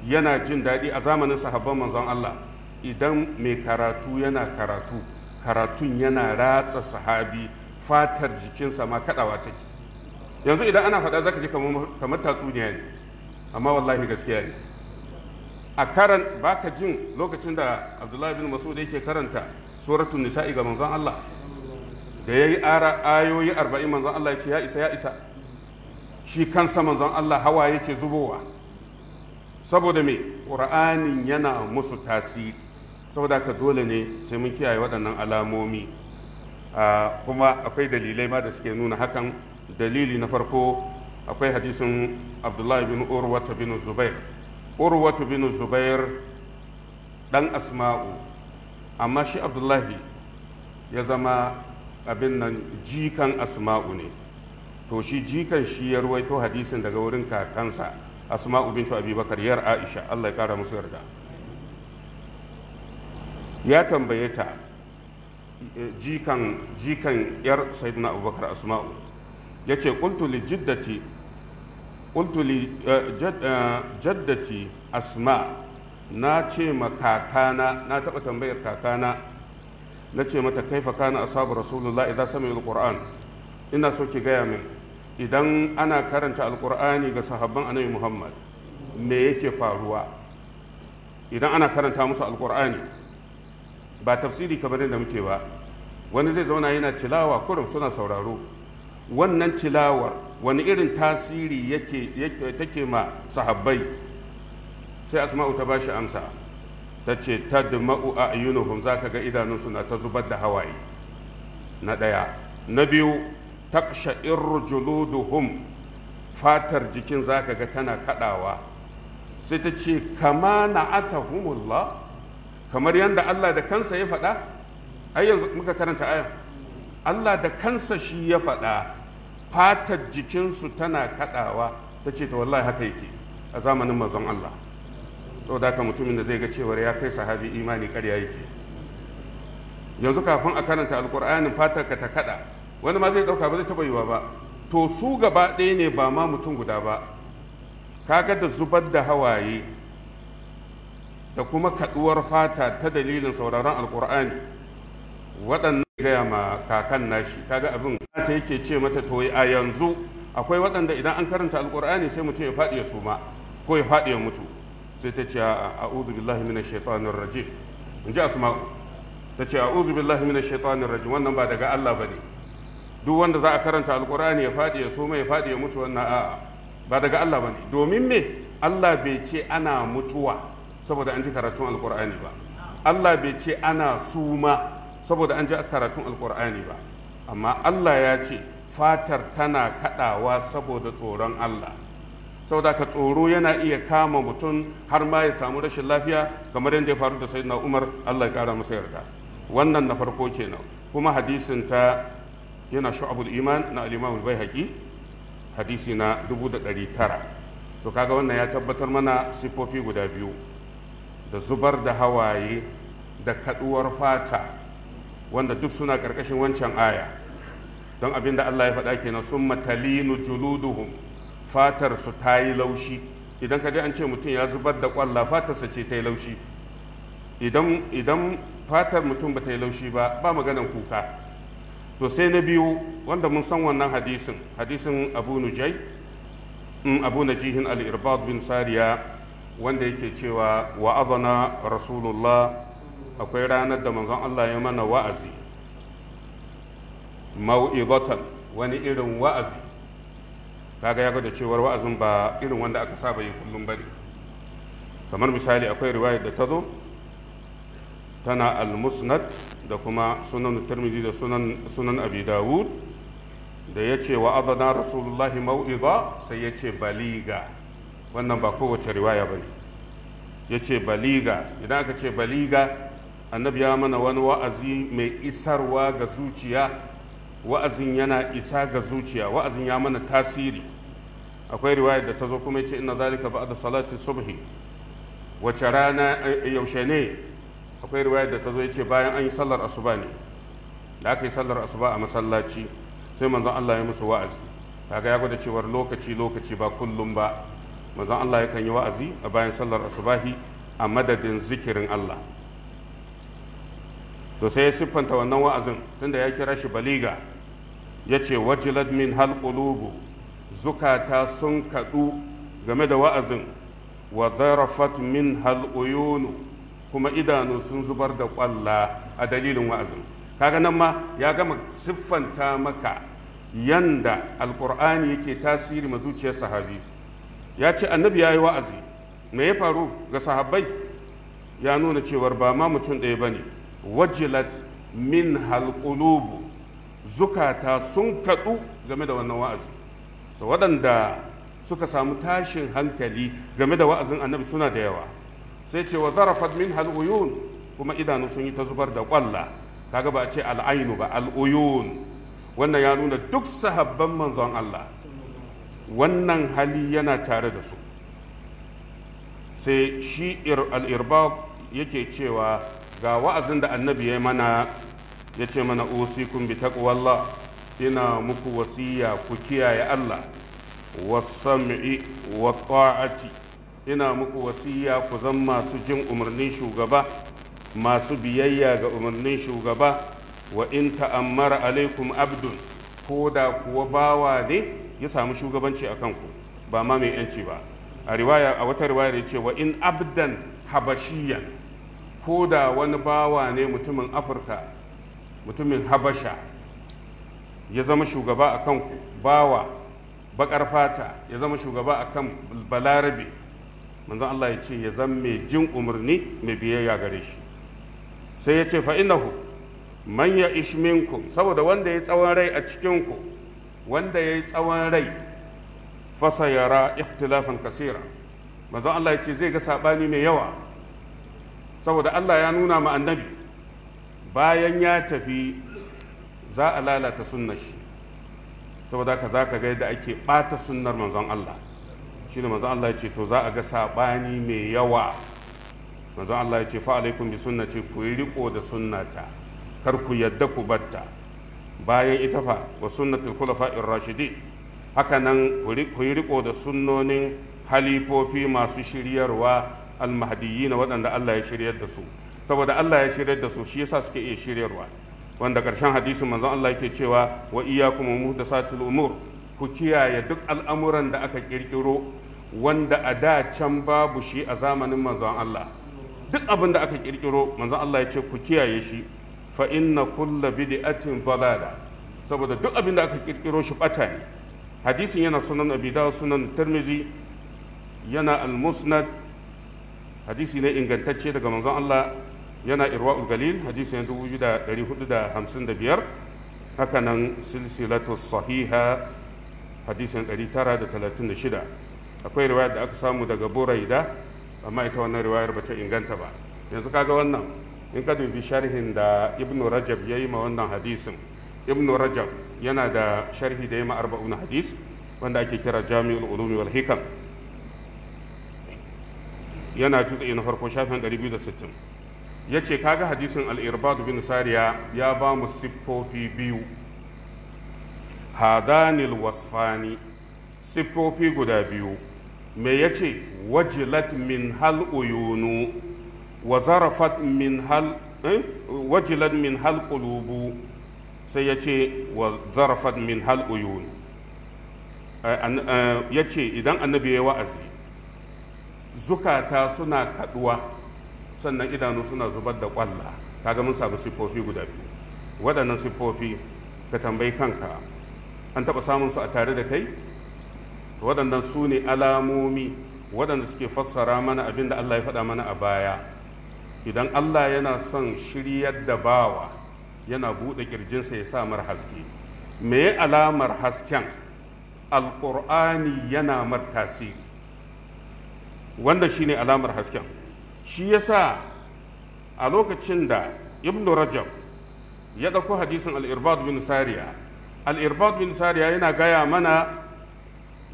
yana jin daɗi a zamanin sahabban manzon Allah idan mai karatu yana karatu karatun yana ratsa sahabi fatar jikinsa ma kaɗawa take yanzu idan ana faɗa zaka ji kamar tatsuniya ne amma wallahi gaskiya ne a karan baka jin lokacin da abdullahi bin masud yake karanta suratun nisa'i ga manzon Allah da ya ara ayoyi arba'in manzon Allah ya ya isa ya isa shi kansa manzon Allah hawa yake zubowa saboda me ƙur'anin yana musu tasiri saboda ka dole ne sai mun kiyaye waɗannan alamomi ah, kuma akwai dalilai ma da suke nuna hakan dalili na farko akwai hadisin abdullahi bin urwata bin zubair urwatu bin zubair dan asma'u amma shi abdullahi ya zama abin nan jikan asma'u ne to shi jikan shi ya ruwaito hadisin daga wurin kakansa asma'u bintu abubakar yar aisha allah ya kara musu yarda ya tambaye ta eh, jikan jikan yar sayyidina abubakar asma'u ya ce ƙuntuli jiddati eh, eh, jaddati asma' na ce ma kakana na taɓa tambayar kakana na ce mata kaifa kana sabu rasulullah idan sami alquran ina so ki gaya min idan ana karanta alqur'ani ga sahabban annabi muhammad me yake faruwa idan ana karanta musu alqur'ani ba tafsiri kamar da muke ba wani zai zauna yana tilawa kurum suna sauraro wannan tilawar wani irin tasiri yake take ma sahabbai sai asma'u ta bashi amsa ta ce a tadma'u za ka ga idanunsu na ta zubar da hawaye na ɗaya na biyu taqsha'ir juluduhum fatar jikin za ka ga tana kaɗawa sai ta ce kama na na'atahumullah kamar yadda Allah da kansa ya faɗa ai muka karanta ayan Allah da kansa shi ya faɗa fatar jikinsu tana kaɗawa ta ce ta wallahi haka yake a zamanin mazan Allah so da mutumin da zai ga cewar ya kai sahabi imani karya yake yanzu kafin a karanta alkur'anin fatar ka ta kada wani ma zai dauka ba zai taba yiwa ba to su gaba ɗaya ne ba ma mutum guda ba ka ga da zubar da hawaye da kuma kaduwar fata ta dalilin sauraron alkur'ani waɗannan gaya ma kakan nashi ga abin ta yake ce mata to a yanzu akwai waɗanda idan an karanta alkur'ani sai mutum ya faɗi ya suma ko ya faɗi ya mutu sai ta ce a billahi minash shaitanir rajim in ji asma'u ta ce a'udhu billahi minash shaitanir rajim wannan ba daga Allah ba ne duk wanda za a karanta alqur'ani ya fadi ya soma ya fadi ya mutu wannan a'a ba daga Allah ba ne domin me Allah bai ce ana mutuwa saboda an ji karatun alqur'ani ba Allah bai ce ana suma saboda an ji karatun alqur'ani ba amma Allah ya ce fatar tana kaɗawa saboda tsoron Allah saboda ka tsoro yana iya kama mutum har ma ya samu rashin lafiya kamar yadda ya faru da sayyidina umar allah ya kara masa yarda wannan na farko kenan kuma hadisin ta yana shu'abul iman na al-imam al-baihaqi hadisi na 1900 to kaga wannan ya tabbatar mana sifofi guda biyu da zubar da hawaye da kaɗuwar fata wanda duk suna karkashin wancan aya don abin da Allah ya faɗa kenan sun matalinu juluduhum fatar su ta yi laushi idan ka ji an ce mutum ya zubar da kwalla fatarsa ce ta yi laushi idan fatar mutum ba ta yi laushi ba ba maganan kuka to sai na biyu wanda mun san wannan hadisin hadisin abu nujai mm, abu najihin al-irbad bin sariya wanda yake cewa wa'azana rasulullah akwai ranar da manzon Allah ya mana wa'azi mau'izatan wani irin wa'azi kaga ya gwada cewar wa'azin ba irin wanda aka saba yi kullum bane kamar misali akwai riwayar da ta zo tana al-musnad da kuma sunan tirmidhi da sunan sunan abi dawud da ya ce wa adana rasulullahi mau'iza sai ya ce baliga wannan ba kowace riwaya bane ya ce baliga idan aka ce baliga annabi ya mana wani wa'azi mai isarwa ga zuciya wa'azin yana isa ga zuciya wa'azin ya mana tasiri akwai riwayar da ta zo kuma yace inna zalika da salati subhi wace rana eh, yaushe ne akwai riwayar da ta zo yace bayan an yi sallar asuba ne da aka yi sallar asuba a masallaci sai manzon Allah ya musu wa'azi kaga ya gwada cewar lokaci lokaci ba kullum ba manzon Allah yakan yi wa'azi a bayan sallar asubahi a madadin zikirin Allah to sai ya siffanta wannan wa'azin tunda ya kira shi baliga ya ce wajilat min hal zukata sun kaɗu game da wa'azin wa zarafat min hal'uyunu kuma idanu sun zubar da ƙwalla a dalilin wa'azin kaga nan ma ya gama siffanta maka yanda alƙur'ani yake tasiri ma zuciyar sahabi ya ce annabi ya yi wa'azi me ya faru ga sahabbai ya nuna cewar ba ma mutum ɗaya ba ne wajilat min halƙulubu zukata sun kaɗu game da wannan wa'azi so waɗanda suka samu tashin hankali game da wa'azin annabi suna da yawa sai ce wa zarafat min hal'uyun kuma idanu sun yi ta zubar da ƙwalla kaga ba a ce al'ainu ba al'uyun wannan ya nuna duk sahabban manzon Allah wannan hali yana tare da su sai shi al'irba yake cewa ga wa'azin da annabi ya mana ya ce mana usikun bi taqwallah ina muku wasiya ku kiyaye Allah wasam'i wa ta'ati ina muku wasiya ku zan masu jin umarnin shugaba masu biyayya ga umarnin shugaba wa in ta'ammara alaikum abdun ko da kuwa bawa ne ya samu shugabanci a kanku ba ma mai yanci ba a riwaya a wata riwaya ya ce wa in abdan habashiyan ko da wani bawa ne mutumin afirka mutumin habasha ya zama shugaba a kan bawa bakar fata ya zama shugaba a kan balarabe manzon Allah ya ce ya zama mai jin umarni mai biyayya gare shi sai ya ce fa'inahu manya ya ishminku saboda wanda ya tsawon rai a cikinku wanda ya yi tsawon rai fasa yara ikhtilafan kasira manzon Allah ya ce zai ga saɓani mai yawa saboda Allah ya nuna ma annabi bayan ya tafi za a lalata sunnar shi saboda ka za ka ga yadda ake ɓata sunnar manzon Allah shi ne manzon Allah ya ce to za a ga saɓani mai yawa manzon Allah ya ce fa alaikum bi sunnati ku yi riko da sunnata kar ku yadda ku batta bayan ita fa wa sunnatul khulafa'ir rashidi haka nan ku yi riko da sunnonin halifofi masu shiryarwa almahdiyyin waɗanda Allah ya shiryar da su saboda Allah ya shiryar da su shi yasa suke iya shiryarwa wanda ƙarshen hadisin manzon Allah yake cewa wa iyyakum muhdasatul umur ku kiyaye duk al'amuran da aka kirkiro wanda a da can babu shi a zamanin manzon Allah duk abin da aka kirkiro manzon Allah ya ce ku kiyaye shi fa inna kulla bid'atin dalala saboda duk abin da aka kirkiro shi bata ne hadisin yana sunan abi dawud sunan tirmizi yana al-musnad hadisi ne ingantacce daga manzon Allah yana irwa'ul galil hadisi na haka nan silsilatu sahiha hadisi 936 akwai riwayar da aka samu daga da amma ita wannan riwayar ba ta inganta ba yanzu kaga wannan in ka dubi sharhin da ibn rajab ya yi ma wannan hadisin ibn rajab yana da sharhi da ya ma arba'un hadis wanda ake kira jami'ul ulumi wal hikam yana jutsa na farko shafin 260 ya ce kaga hadisin al'irbad bin sariya ya ba mu siffofi biyu hadanil wasfani siffofi guda biyu me ya ce wajilat min hal uyunu wa zarafat min hal eh? wajilat min hal qulubu sai ya ce wa zarafat min hal uyun eh, eh, ya ce idan annabi ya wa'azi zukata suna kaduwa sannan idanu suna zubar da kwalla ga mun samu siffofi guda biyu waɗannan siffofi ka tambayi kanka an taɓa samun su a tare da kai waɗannan su ne alamomi waɗanda suke fassara mana abin da Allah ya faɗa mana a baya idan Allah yana son shiryar da bawa yana buɗe ƙirjinsa ya sa mar haske me alamar hasken alƙur'ani yana mar tasiri wanda shine alamar hasken shi ya sa a lokacin da ibn rajab ya ɗauko hadisin al'irbad bin sariya al'irbad bin sariya yana gaya mana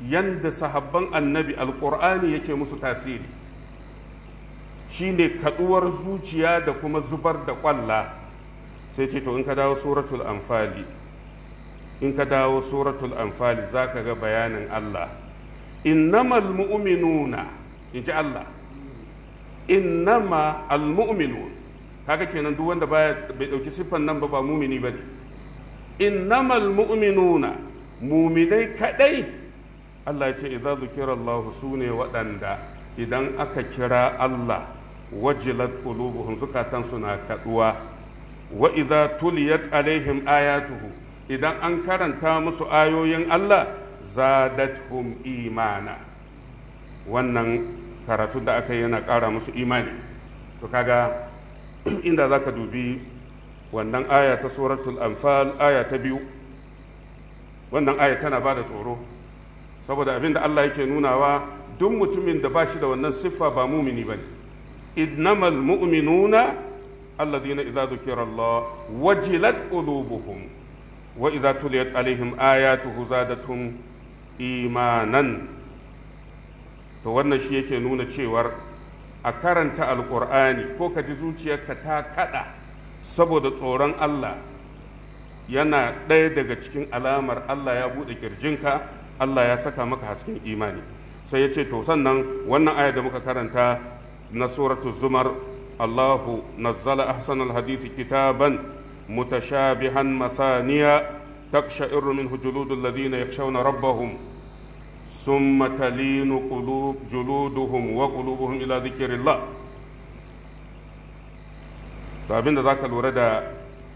yadda sahabban annabi alƙur'ani yake musu tasiri shi ne kaɗuwar zuciya da kuma zubar da ƙwalla sai ce to in ka dawo suratul anfali in ka dawo suratul anfali za ka ga bayanin allah innamal mu'minuna in ji allah innama almu'minun kaga kenan duk wanda baya bai dauki siffan nan ba ba mumini bane innamal mu'minuna muminai kadai Allah ya ce idza zukira Allah sune waɗanda idan aka kira Allah wajilat qulubuhum zukatan suna kaduwa wa idza tuliyat alaihim ayatuhu idan an karanta musu ayoyin Allah zadatuhum imana wannan karatun da aka yi yana ƙara musu imani to kaga inda za ka dubi wannan aya ta suratul anfal aya ta biyu wannan aya tana ba da tsoro saboda abin da Allah yake nunawa duk mutumin da ba shi da wannan siffa ba mumini ba ne idnamal mu'minuna alladhina idza dhukira Allah wajilat qulubuhum wa idza tuliyat alaihim ayatuhu zadatuhum imanan to wannan shi yake nuna cewar a karanta alkur'ani ko ka ji zuciyarka ta kada saboda tsoron allah yana ɗaya daga cikin alamar allah ya buɗe ƙirjinka allah ya saka maka hasken imani sai ya ce to sannan wannan aya da muka karanta na suratul zumar allahu nazzala ahsanal hadisi kitaban mutashabihan mathaniya taksha'irru minhu juludul ladina yakshawna rabbahum ثم تلين قلوب جلودهم وقلوبهم إلى ذكر الله abin da za ka lura da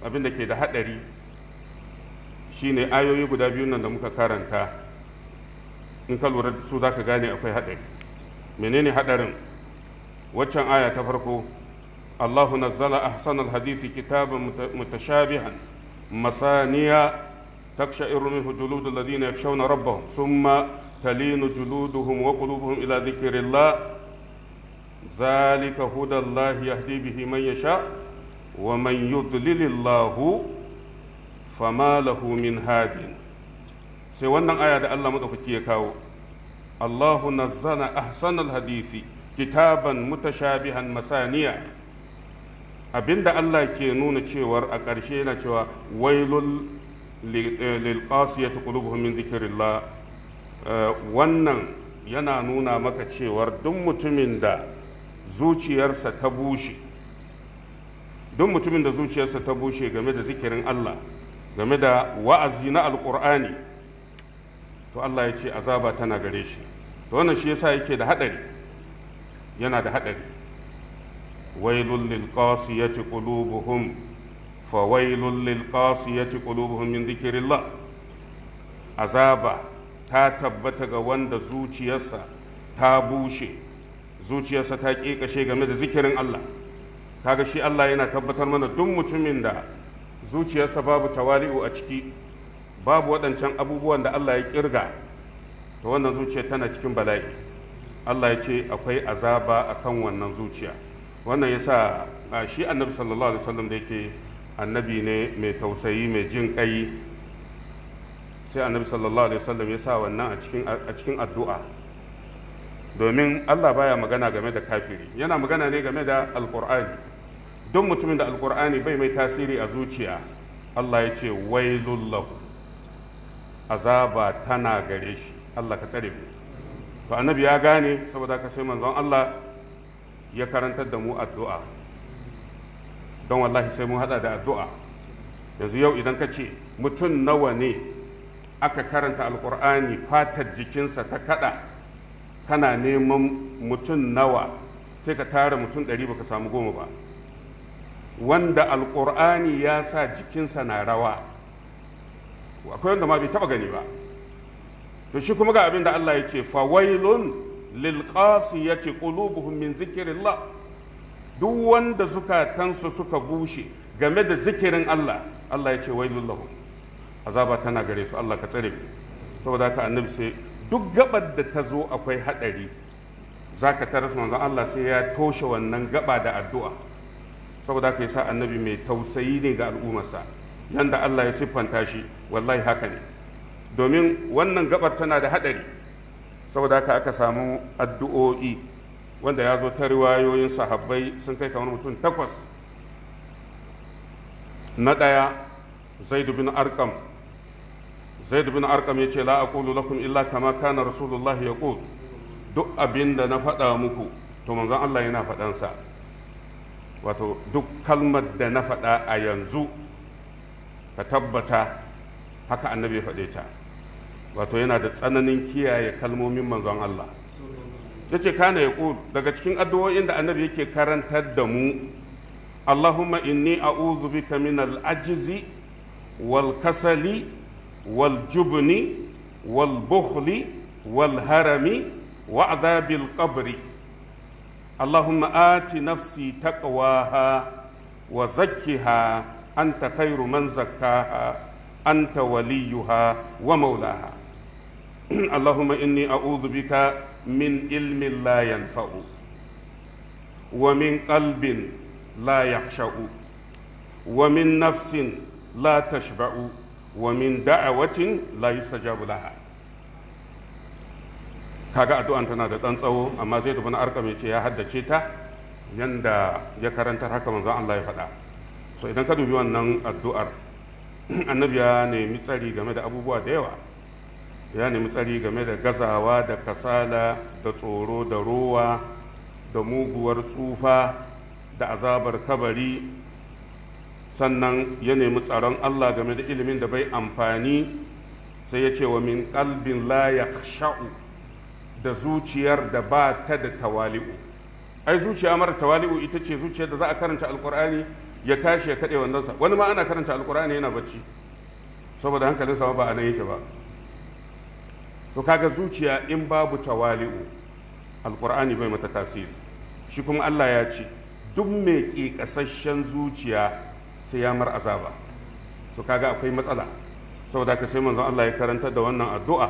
abin da ke da haɗari shine ayoyi guda biyu nan da muka karanta in ka lura da su za ka gane akwai haɗari menene haɗarin waccan aya ta farko allahu nazzala ahsanal hadithi kitaban mutashabihan masaniya taksha takshairu minhu juludul ladina yakshawna rabba summa تلين جلودهم وقلوبهم إلى ذكر الله ذلك هدى الله يهدي به من يشاء ومن يضلل الله فما له من هاد sai wannan aya da Allah madaukaki ya kawo Allahu nazzana ahsanal hadisi kitaban mutashabihan masaniya abinda Allah ke nuna cewar a ƙarshe yana cewa wailul eh, lil qasiyati qulubuhum min dhikrillah Eh, wannan yana nuna maka cewar duk mutumin da zuciyarsa ta bushe duk mutumin da zuciyarsa ta bushe game da zikirin Allah game da wa'azi na alkur'ani to Allah ya ce azaba tana gare shi to wannan shi yasa yake da hadari yana da hadari wailul lil qasiyati qulubuhum fa wailul lil qasiyati qulubuhum min dhikrillah azaba ta tabbata ga wanda zuciyarsa ta bushe zuciyarsa ta ƙiƙashe game da zikirin Allah kaga shi Allah yana tabbatar mana duk mutumin da zuciyarsa babu tawali'u a ciki babu waɗancan abubuwan da Allah ya ƙirga to wannan zuciya tana cikin bala'i Allah ya ce akwai azaba a kan wannan zuciya wannan ya sa shi annabi sallallahu alaihi wasallam da yake annabi ne mai tausayi mai jin ƙai sai annabi sallallahu alaihi wasallam ya sa wannan a cikin addu'a domin Allah baya magana game da kafiri yana magana ne game da alkur'ani duk mutumin da alkur'ani bai mai tasiri a zuciya Allah ya ce wailullahu azaba tana gare shi Allah ka tsare mu to annabi ya gane saboda ka sai manzon Allah ya karantar da mu addu'a don wallahi sai mun hada da addu'a yanzu yau idan ka ce mutum nawa ne aka karanta alkur'ani fatar jikinsa ta kada kana neman mutum nawa sai ka tara mutum ɗari baka samu goma ba wanda alkur'ani ya sa jikinsa na rawa akwai wanda ma bai taba gani ba to shi kuma ga abin da Allah ya ce fawailun lil qasiyati qulubuhum min zikrillah duk wanda zukatansu suka bushe game da zikirin Allah Allah ya ce wailun lahum azaba tana gare su Allah ka tsare saboda haka annabi sai duk gabar da ta zo akwai hadari zaka taras manzon Allah sai ya toshe wannan gaba da addu'a saboda haka yasa annabi mai tausayi ne ga al'ummarsa yanda Allah ya siffanta shi wallahi haka ne domin wannan gabar tana da hadari saboda haka aka samu addu'o'i wanda ya zo ta riwayoyin sahabbai sun kai kamar mutum takwas na ɗaya zaid bin arkam zaid bin arkam ya ce la aqulu lakum illa kama kana rasulullah yaqul duk abin da na faɗa muku to manzon Allah yana faɗansa wato duk kalmar da na faɗa a yanzu ka tabbata haka annabi ya faɗe ta wato yana da tsananin kiyaye kalmomin manzon Allah ya ce kana ya daga cikin addu'o'in da annabi yake karantar da mu allahuma inni a'udhu bika min al-ajzi wal kasali waljubni walbukhli walharami wa'adabil qabri اللهم آت نفسي تقواها وزكها أنت خير من زكاها أنت وليها ومولاها اللهم إني أعوذ بك من علم لا ينفع ومن قلب لا يخشع ومن نفس لا تشبع wa min da'awatin la yustajabu laha kaga addu'an tana da ɗan tsawo amma zai dubi na arkame ce ya haddace ta yanda ya karantar haka manzo Allah ya faɗa so idan ka dubi wannan addu'ar annabi ya nemi tsari game da abubuwa da yawa ya nemi tsari game da gazawa da kasala da tsoro da rowa da muguwar tsufa da azabar kabari sannan ya nemi tsaron Allah game da ilimin da bai amfani sai ya ce wa min kalbin ya sha'u da zuciyar da ba ta da tawali'u ai zuciya mara tawali'u ita ce zuciyar da za a karanta alkur'ani ya tashi ya kaɗe sa wani ma ana karanta alkur'ani yana bacci saboda sama ba a nan yake ba to kaga zuciya in babu tawali'u alkur'ani bai mata tasiri shi kuma Allah ya ce duk mai ƙiƙasashen zuciya sai ya mar azaba to kaga akwai matsala saboda ka sai manzo Allah ya karanta da wannan addu'a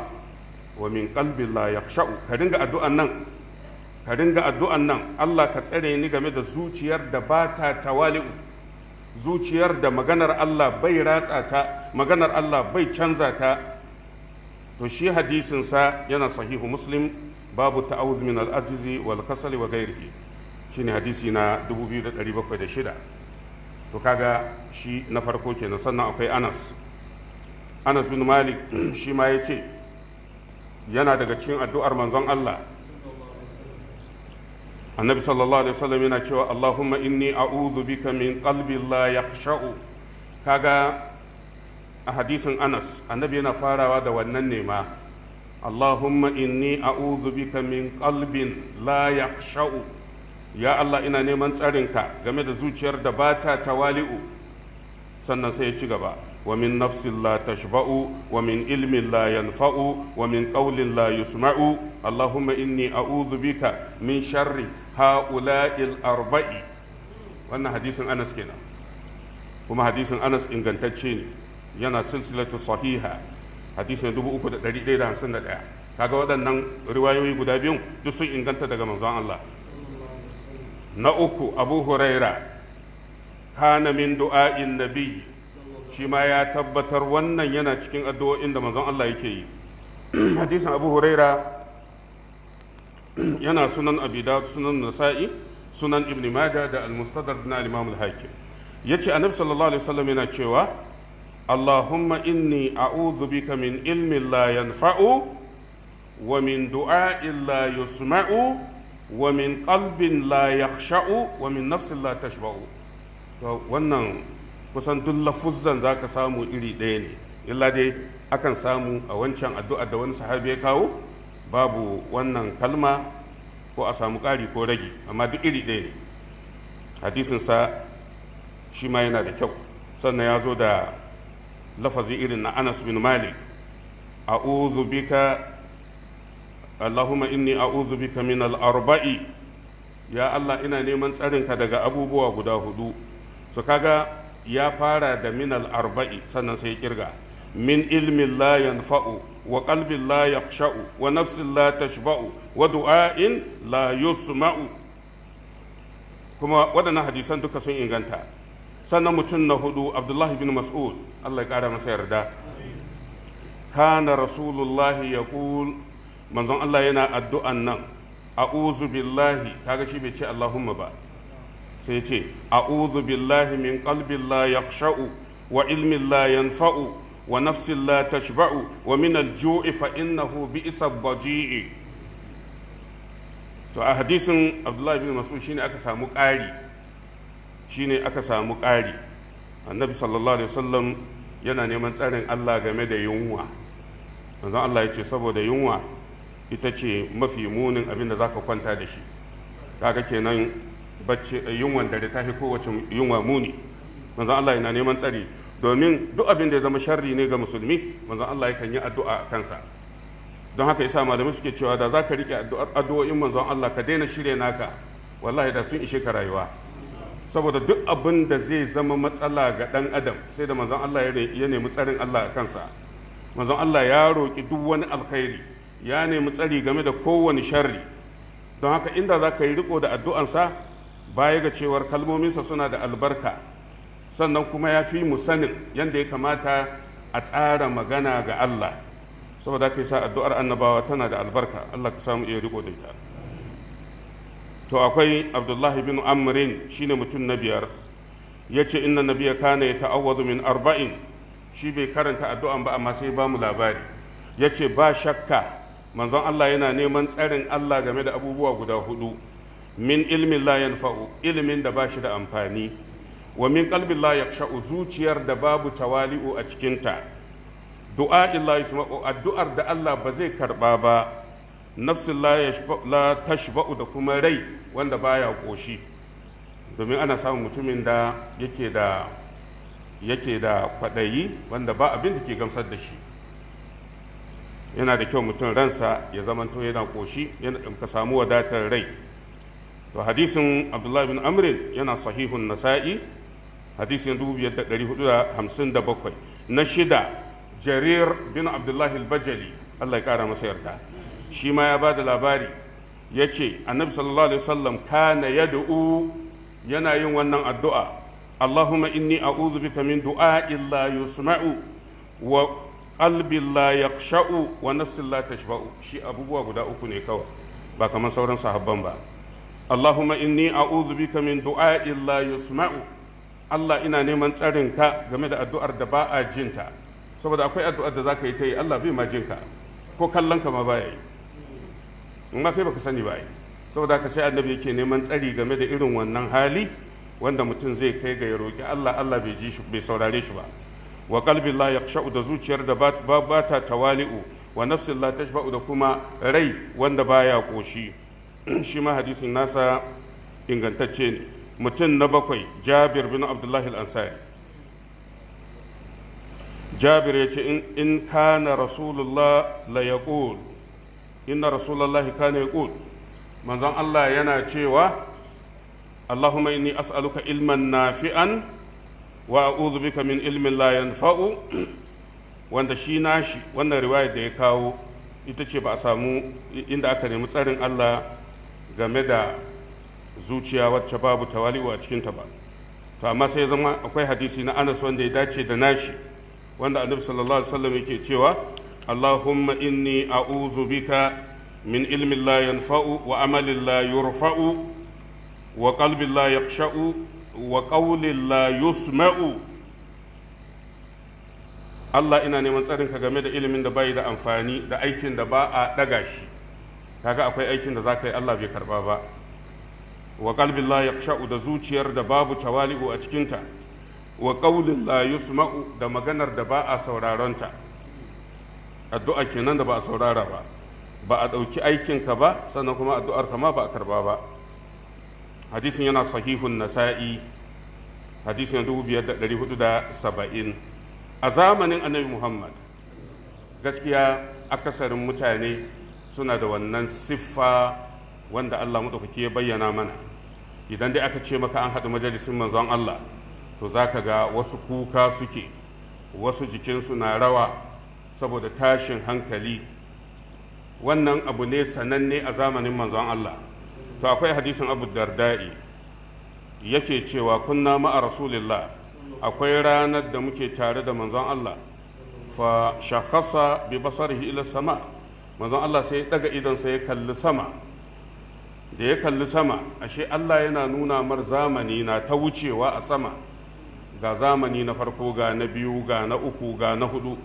wa min qalbi la yakhsha'u ka dinga addu'an nan ka dinga addu'an nan Allah ka tsare ni game da zuciyar da ba ta tawali'u zuciyar da maganar Allah bai ratsa ta maganar Allah bai canza ta to shi hadisin sa yana sahihu muslim babu ta'awuz min al-ajzi wal kasali wa ghairihi shine hadisi na 2706 to kaga shi na farko kenan sannan akwai anas anas bin malik shi ma ya ce yana daga cikin addu'ar manzon allah annabi sallallahu alaihi wasallam yana cewa allahumma inni a'udhu bika min qalbi la yakhsha'u kaga a hadisin anas annabi yana farawa da wannan nema allahumma inni a'udhu bika min qalbin la yakhsha'u ya Allah ina neman tsarinka game da zuciyar da ba ta tawali'u sannan sai ya ci gaba wa min nafsin la tashba'u wa min ilmin la yanfa'u wa min qawlin la yusma'u allahumma inni a'udhu bika min sharri ha'ula'il arba'i wannan hadisin Anas kenan kuma hadisin Anas ingantacce ne yana silsilatu sahiha hadisin 3151 kaga waɗannan riwayoyi guda biyun duk sun inganta daga manzon Allah na uku abu huraira kana min du'a'in nabi shi ma ya tabbatar wannan yana cikin addu'o'in da manzon Allah yake yi hadisin abu huraira yana sunan abi dawud sunan nasa'i sunan ibn maja da al-mustadrak na al-imam al-hakim yace annabi sallallahu alaihi wasallam yana cewa allahumma inni a'udhu bika min ilmin la yanfa'u wa min du'a'in la yusma'u wa min qalbin la yakhsha'u wa min nafsin la tashba'u to wannan kusan duk lafuzzan zaka samu iri ɗaya ne illa dai akan samu a wancan addu'a da wani sahabi ya kawo babu wannan kalma ko a samu ƙari ko rage amma duk iri ɗaya ne hadisin sa shi ma yana da kyau sannan ya zo da lafazi irin na Anas bin Malik a bika Allahumma inni a'udhu bika min al-arba'i ya Allah ina neman tsarinka daga abubuwa guda hudu to kaga ya fara da min al-arba'i sannan sai kirga min ilmin la yanfa'u wa qalbin la yakhsha'u wa nafsin la tashba'u wa du'a'in la yusma'u kuma waɗannan hadisan duka sun inganta sannan mutum na hudu abdullahi bin mas'ud Allah ya kara masa yarda kana rasulullahi yaqul manzon Allah yana addu'an nan a'udhu billahi kaga shi bai ce Allahumma ba sai ce a'udhu billahi min qalbin la yakhsha'u wa ilmin la yanfa'u wa nafsin la tashba'u wa min aljoi jui fa innahu bi'sa baji'i to a hadisin Abdullah bin Mas'ud shine aka samu ƙari shine aka samu ƙari annabi sallallahu alaihi wasallam yana neman tsarin Allah game da yunwa manzon Allah ya ce saboda yunwa ita ce mafi munin abin da za ka kwanta da shi kaga kenan bacci eh, yunwan dare ta fi kowace yunwa muni manzon Allah yana neman tsari domin duk abin da ya zama sharri ne ga musulmi manzon Allah yakan yi addu'a kansa don haka yasa malamai suke cewa da za ka rike addu'o'in manzon Allah ka daina shirya naka wallahi da sun ishe ka rayuwa saboda duk abin da zai zama matsala ga dan adam sai da manzon Allah ya nemi tsarin Allah kansa manzon Allah ya roki duk wani alkhairi ya nemi tsari game da kowane sharri don haka inda za ka yi riko da addu'ansa baya ga cewar kalmominsa suna da albarka sannan kuma ya fi mu sanin yadda ya kamata a tsara magana ga Allah saboda ka sa addu'ar annabawa tana da albarka Allah ka samu iya riko da ita to akwai abdullahi bin amrin shine mutum na biyar ya ce inna nabiya kana ya ta'awwadu min arba'in shi bai karanta addu'an ba amma sai ba mu labari ya ce ba shakka manzon Allah yana neman tsarin Allah game da abubuwa guda hudu min ilmin la yanfa'u ilmin da bashi da amfani wa min qalbin la yaksha'u zuciyar da babu tawali'u a cikinta du'a illa yusma'u addu'ar da Allah ba zai karba ba nafsin la tashba'u da kuma rai wanda baya koshi domin ana samun mutumin da yake da yake da wanda ba abin da ke gamsar da shi yana da kyau mutum ransa ya zamanto yana koshi yana ka samu wadatar rai to hadisin abdullahi bin amrin yana sahihun nasa'i hadisin 5457 na shida jarir bin abdullahi al-bajali Allah ya kara masa yarda shi ma ya ba da labari ya ce annabi sallallahu alaihi wasallam kana yad'u yana yin wannan addu'a Allahumma inni a'udhu bika min du'a illa yusma'u wa qalbin la yaqsha'u wa nafsin la tashba'u shi abubuwa guda uku ne kawai ba kamar sauran sahabban ba Allahumma inni a'udhu bika min du'a'i la yusma'u Allah ina neman tsarin ka game da addu'ar da ba a jinta saboda akwai addu'ar da zaka yi ta yi Allah bai ma jinka ko kallon ka ma baya yi in ma kai baka sani ba yi saboda haka sai annabi yake neman tsari game da irin wannan hali wanda mutum zai kai ga ya roki Allah Allah bai ji shi bai saurare shi ba wa kalbin la da zuciyar da ba ta tawali'u wa nafsin la da kuma rai wanda baya koshi shi ma hadisin nasa ingantacce ne mutum na bakwai jabir bin abdullahi al jabir ya ce in kana rasulullah la yaqul inna rasulullahi kana yaqul manzon Allah yana cewa Allahumma inni as'aluka ilman nafi'an wa a'udhu bika min ilmin la yanfa'u wanda shi nashi wannan riwaya da ya kawo ita ce ba a samu inda aka nemi tsarin Allah game da zuciya wacce babu tawali'u a cikinta ba to amma sai zama akwai hadisi na Anas wanda ya dace da nashi wanda Annabi sallallahu alaihi wasallam yake cewa Allahumma inni a'udhu bika min ilmin la yanfa'u wa amalin la yurfa'u wa qalbin la yakhsha'u wa ƙaunin la yusma'u Allah ina neman tsarin ka game da ilimin da bai da amfani da aikin da ba a ɗaga shi kaga akwai aikin da za ka yi Allah bai karɓa ba wa ƙalbin la da zuciyar da babu tawali'u a cikinta wa ƙaunin la yusma'u da maganar da ba a sauraronta addu'a kenan da ba a saurara ba ba a ɗauki aikinka ba sannan kuma addu'arka ma ba a karɓa ba hadisin yana sahihun nasa'i hadisin saba'in a zamanin annabi muhammad gaskiya akasarin mutane suna da wannan siffa wanda allah maɗaukaki ya bayyana mana idan dai aka ce maka an haɗu majalisin manzon allah to za ka ga wasu kuka suke wasu jikinsu na rawa saboda tashin hankali wannan abu ne sananne a zamanin manzon allah to akwai hadisin abu darda'i yake cewa kunna ma'a rasulillah akwai ranar da muke tare da manzon Allah fa shakhasa bi basarihi ila sama manzon Allah sai ya daga idan sai ya kalli sama da ya kalli sama ashe Allah yana nuna mar zamani na ta wucewa a sama ga zamani na farko ga na biyu ga na uku ga na hudu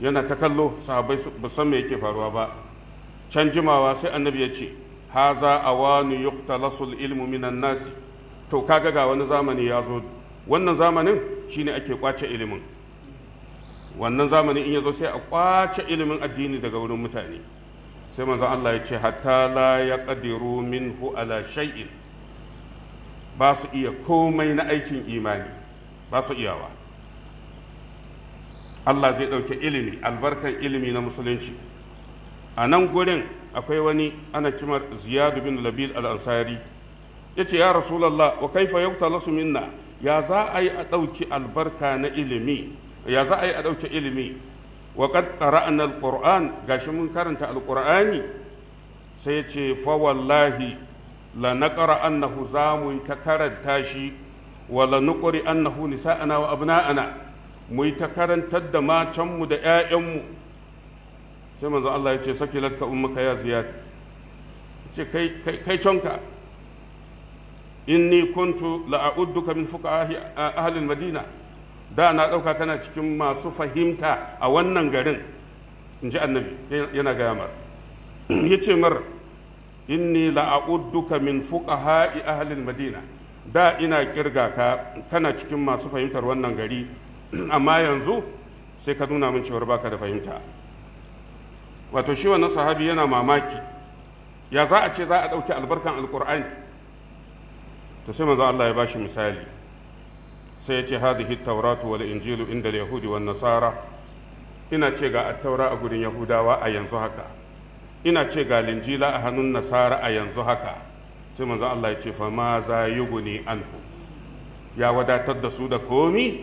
yana ta kallo sahabbai ba san me yake faruwa ba can jimawa sai annabi ya ce haza awani yuqtalasul ilmu minan nasi to kaga ga wani zamani ya zo wannan zamanin shine ake kwace ilimin wannan zamanin in yazo sai a kwace ilimin addini daga wurin mutane sai manzo Allah ya ce hatta la yaqdiru minhu ala shay'in ba su iya komai na aikin imani ba su iyawa Allah zai ɗauke ilimi albarkan ilimi na musulunci a nan gurin akwai wani ana kimar ziyadu bin labil al-ansari ya ce ya rasulallah wa kaifa yuktalasu minna ya za a yi a ɗauki albarka na ilimi ya za a yi a ɗauki ilimi wa qad qara'na al-qur'an gashi mun karanta al-qur'ani sai ya ce fa wallahi la naqra annahu zamu ta karanta shi wa la nuqri annahu nisa'ana wa abna'ana mu ta karantar da matanmu da 'ya'yanmu sai manzo Allah ya ce sakilat ka ummuka ya ziyad ce kai kai conka inni kuntu la'udduka min fuqaha ahli madina da na dauka kana cikin masu fahimta a wannan garin in ji annabi yana gaya mar ya ce mar inni la'udduka min fuqaha ahli madina da ina kirga ka kana cikin masu fahimtar wannan gari amma yanzu sai ka nuna min cewar baka da fahimta wato shi wannan sahabi yana mamaki ya za a ce za a ɗauki albarkan alkur'ani to sai manzo Allah ya bashi misali sai ya ce hadhihi tawratu wal injilu inda yahudi wan nasara ina ce ga attaura a gurin yahudawa a yanzu haka ina ce ga linjila a hannun nasara a yanzu haka sai manzo Allah ya ce fa ma za yuguni anhu ya wadatar da su da komi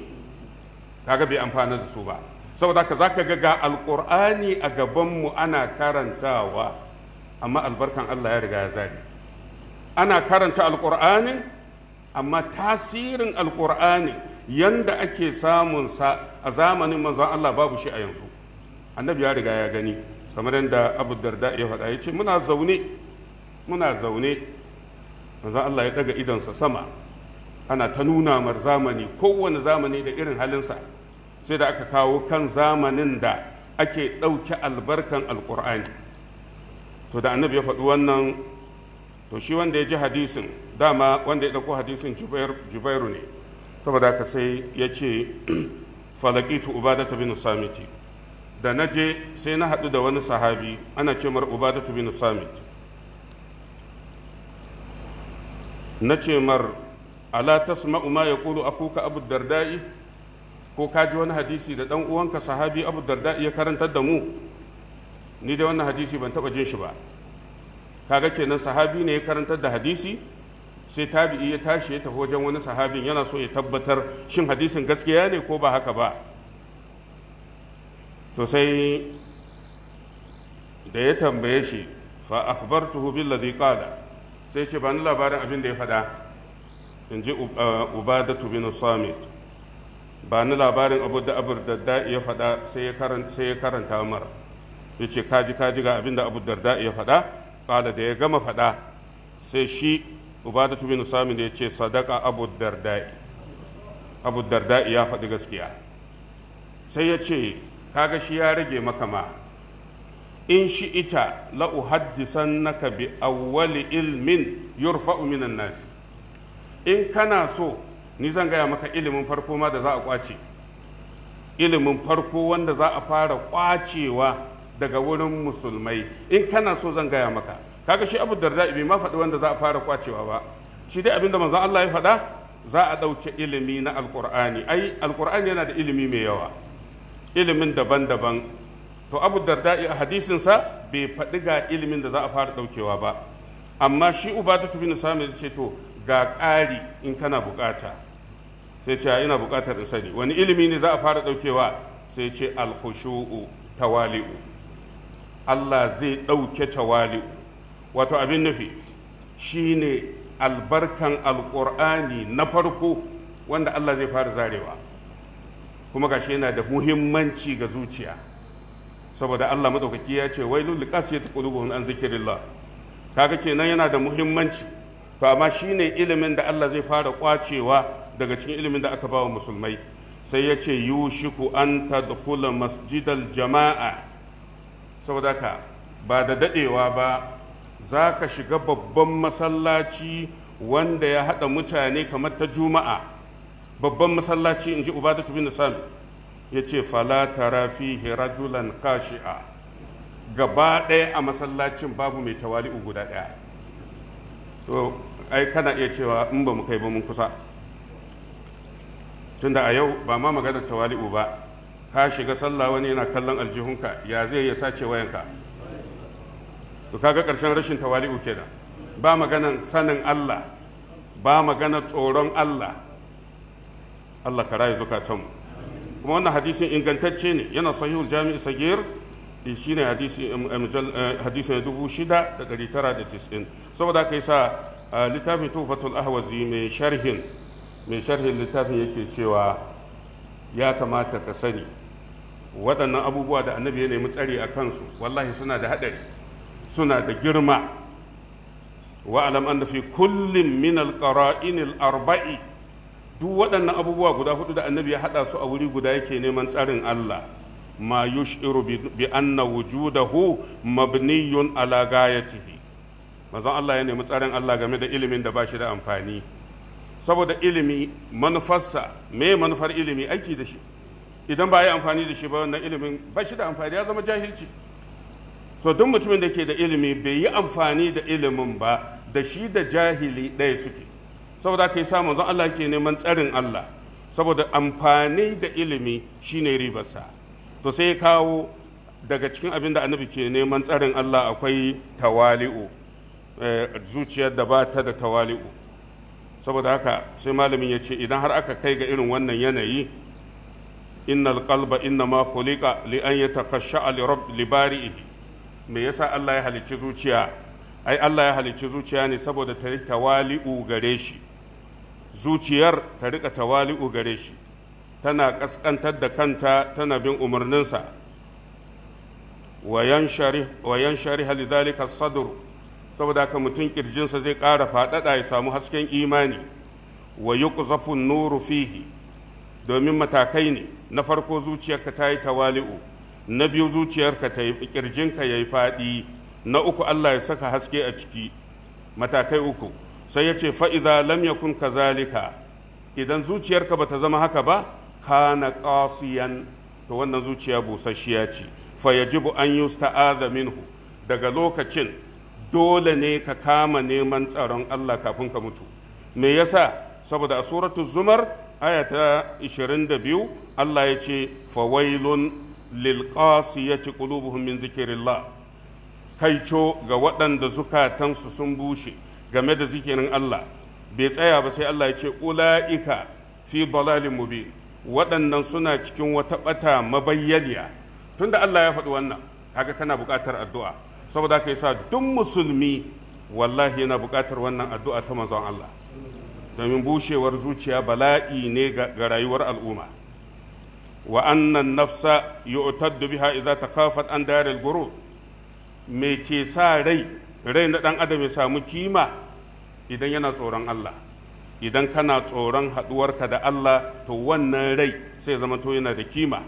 kaga bai amfana da su ba saboda haka zaka ga ga alqur'ani a gaban mu ana karantawa amma albarkan Allah ya riga ya zabi ana karanta alkur'ani amma tasirin alqur'ani yanda ake samun sa a zamanin manzon Allah babu shi a yanzu annabi ya riga ya gani kamar yadda Abu Darda ya faɗa ya ce muna zaune muna zaune manzon Allah ya daga idonsa sama ana ta nuna mar zamani kowane zamani da irin halinsa sai da aka kawo kan zamanin da ake ɗauki albarkan alƙur'ani to da annabi ya faɗi wannan to shi wanda ya ji hadisin dama wanda ya ɗauko hadisin jubairu ne saboda haka sai ya ce falakitu ubadatu bin samiti da na je sai na haɗu da wani sahabi ana ce mar ubadatu bin samiti na ce mar ala tasma'u ma yaqulu akuka abu dardai ko ka ji wani hadisi da dan uwanka sahabi abu darda ya karantar da mu ni dai wannan hadisi ban taba jin shi ba kaga kenan sahabi ne ya karantar da hadisi sai tabi'i ya tashi ya tafi wajen wani sahabin yana so ya tabbatar shin hadisin gaskiya ne ko ba haka ba to sai da ya tambaye shi fa akhbartuhu billadhi qala sai ce ni labarin abin da ya faɗa in ji ubadatu bin samit ba ni labarin abu da abu da'i ya faɗa sai ya karanta mara ya ce kaji kaji ga abin da abu da'i ya faɗa ƙala da ya gama faɗa sai shi uba da tubi nusamin da ya ce sadaka abu da'i abu da'i ya faɗi gaskiya sai ya ce kaga shi ya rage maka ma in shi ita la'u haddisan naka bi awwali ilmin yurfa'u minan nasi in kana so ni zan gaya maka ilimin farko ma da za a kwace ilimin farko wanda za a fara kwacewa daga wurin musulmai in kana so zan gaya maka kaga shi abu darda bai ma faɗi wanda za a fara kwacewa ba shi dai abinda manzo Allah ya faɗa za a ɗauke ilimi na alkur'ani ai alkur'ani yana da ilimi mai yawa ilimin daban-daban to abu darda a hadisinsa bai faɗi ga ilimin da za a fara ɗaukewa ba amma shi ubatu bin samir ce to ga ƙari in kana buƙata sai ce ah, ina buƙatar da sani wani ilimi ne za a fara ɗaukewa sai ce alkhushu'u tawali'u Allah zai ɗauke tawali'u wato abin nufi shine albarkan alƙur'ani na farko wanda Allah zai fara zarewa kuma gashi yana da muhimmanci ga zuciya saboda Allah maɗaukaki ya ce wai lullu qasiyatu qulubuhum an zikrillah kaga kenan yana da muhimmanci to amma shine ilimin da Allah zai fara kwacewa daga cikin ilimin da aka ba wa musulmai sai ya ce ku an ta kula masjidal jama'a saboda ka ba da daɗewa ba za ka shiga babban masallaci wanda ya haɗa mutane kamar ta juma'a babban masallaci in ji ubadatu bin sami ya ce fala tara fihi rajulan kashi'a gaba ɗaya a masallacin babu mai tawali'u guda ɗaya to ai kana iya cewa in ba mu kai ba mun kusa tunda a yau ba ma magana tawali'u ba ka shiga sallah wani yana kallon aljihunka ya zai ya sace wayanka to kaga ƙarshen rashin tawali'u kenan ba maganan sanin Allah ba magana tsoron Allah Allah ka raye zukatanmu kuma wannan hadisin ingantacce ne yana sahihul jami'i sagir eh, shi ne hadisin eh, eh, dubu shida da ɗari tara da tis'in saboda yi sa littafin tufatul ahwazi mai sharhin mai sharhin littafin yake cewa ya kamata ka sani waɗannan abubuwa da annabi ya nemi tsari a kansu wallahi suna da haɗari suna da girma wa'alam anna fi kullum min alqara'in arba'i duk waɗannan abubuwa guda hudu da annabi ya haɗa su a wuri guda yake neman tsarin Allah ma yushiru bi anna wujudahu mabniyun ala gayatihi manzon Allah ya nemi tsarin Allah game da ilimin da ba shi da amfani saboda ilimi manufarsa me manufar ilimi aiki da shi idan ba yi amfani da shi ba wannan ilimin ba shi da amfani ya zama jahilci so duk mutumin da ke da ilimi bai yi amfani da ilimin ba da shi da jahili ɗaya suke saboda yi samun zan Allah ke neman tsarin Allah saboda amfani da ilimi shine ribarsa to sai ya kawo daga cikin abin da annabi ke neman tsarin Allah akwai tawali'u eh, zuciyar da ba ta da tawali'u saboda haka sai malamin ya ce idan har aka kai ga irin wannan yanayi innal qalba inna ma khuliqa li an yatakhashsha li rabb li bari'ihi me yasa Allah ya halicci zuciya ai Allah ya halicci zuciya ne saboda ta rika tawali'u gare shi zuciyar ta rika tawali'u gare shi tana kaskantar da kanta tana bin umarninsa wa yanshari wa yanshari lidhalika sadr saboda haka mutum kirjinsa zai ƙara faɗaɗa ya samu hasken imani wa yuqzafu nuru fihi domin matakai ne na farko zuciyarka ta yi tawali'u na biyu zuciyarka ta yi kirjinka ya yi faɗi na uku Allah ya saka haske a ciki matakai uku sai ya ce fa'iza lam ka kazalika idan zuciyarka ba ta zama haka ba ka na ƙasiyan to wannan zuciya busasshiya ce fa yajibu an yusta'adha minhu daga lokacin dole ne ka kama neman tsaron Allah kafin ka mutu me yasa saboda a suratul zumar aya ta 22 Allah ya ce fawailun lil ci qulubuhum min zikrillah kaico ga waɗanda zukatansu sun bushe game da zikirin Allah bai tsaya ba sai Allah ya ce ula'ika fi dalalin mubin waɗannan suna cikin wata ɓata mabayyaliya tunda Allah ya faɗi wannan kaga kana buƙatar addu'a saboda yi yasa duk musulmi wallahi yana buƙatar wannan addu'a ta manzon Allah domin bushewar zuciya bala'i ne ga rayuwar al'umma wa annan nafsa yu'taddu biha idza takafat an daril guru me ke sa rai rai na dan adam ya samu kima idan yana tsoron Allah idan kana tsoron haɗuwarka da Allah to wannan rai sai zama to yana da kima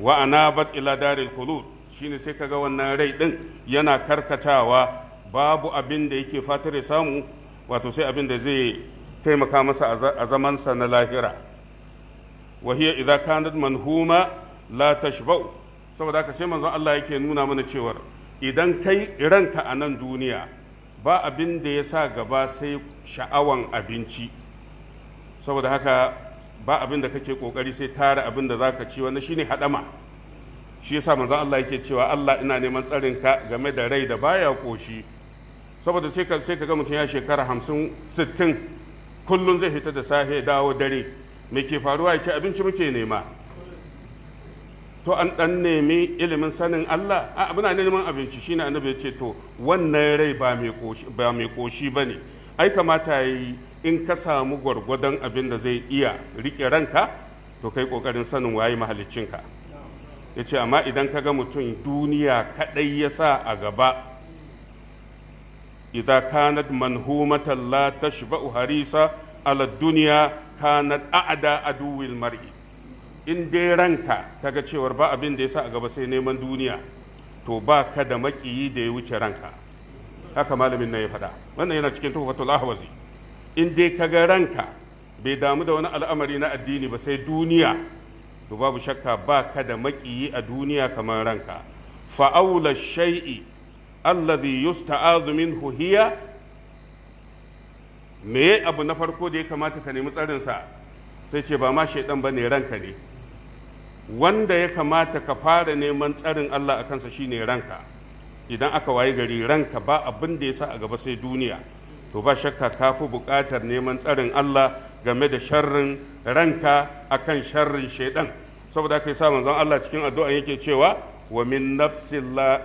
wa anabat ila daril khulud shine sai kaga wannan rai ɗin yana karkatawa babu abin da yake fatar ya samu wato sai abin da zai taimaka masa a zamansa na lahira wahiya idza kanat manhuma la tashba'u saboda haka sai manzon Allah yake nuna mana cewa idan kai ranka a nan duniya ba abin da ya sa gaba sai sha'awan abinci saboda haka ba abin da kake kokari sai tara abin da zaka ci wannan shine haɗama. shi yasa manzon Allah yake cewa Allah ina neman tsarin ka game da rai da baya koshi saboda sai ka sai ka ga mutum ya shekara hamsin sittin kullum zai fita da safe dawo dare me ke faruwa ya ce abinci muke nema to an dan nemi ilimin sanin Allah a muna neman abinci shine annabi ya ce to wannan rai ba mai koshi ba mai koshi bane ai kamata yi in ka samu gwargwadon abin da zai iya rike ranka to kai kokarin sanin waye mahaliccinka ya ce amma idan ka ga mutum duniya kaɗai ya sa a gaba idan kanat manhumatan la tashba'u harisa ala duniya kanat a'ada aduwil mar'i in dai ranka ta ga cewar ba abin da ya sa a gaba sai neman duniya to ba ka da maƙiyi da ya wuce ranka haka malamin nan ya faɗa wannan yana cikin tuhfatul in dai ka ga ranka bai damu da wani al'amari na addini ba sai duniya to babu shakka ba ka da maƙiyi a duniya kamar ranka fa'aula shai'i alladhi yusta'adhu minhu hiya me abu na farko da ya kamata ka nemi tsarinsa sai ce ba ma shaidan ba ne ranka ne wanda ya kamata ka fara neman tsarin Allah a kansa shine ranka idan aka waye gari ranka ba abin da ya sa a gaba sai duniya to ba shakka ka fi buƙatar neman tsarin Allah game da sharrin ranka akan sharrin shaidan saboda kai sa manzon Allah cikin addu'a yake cewa wa min la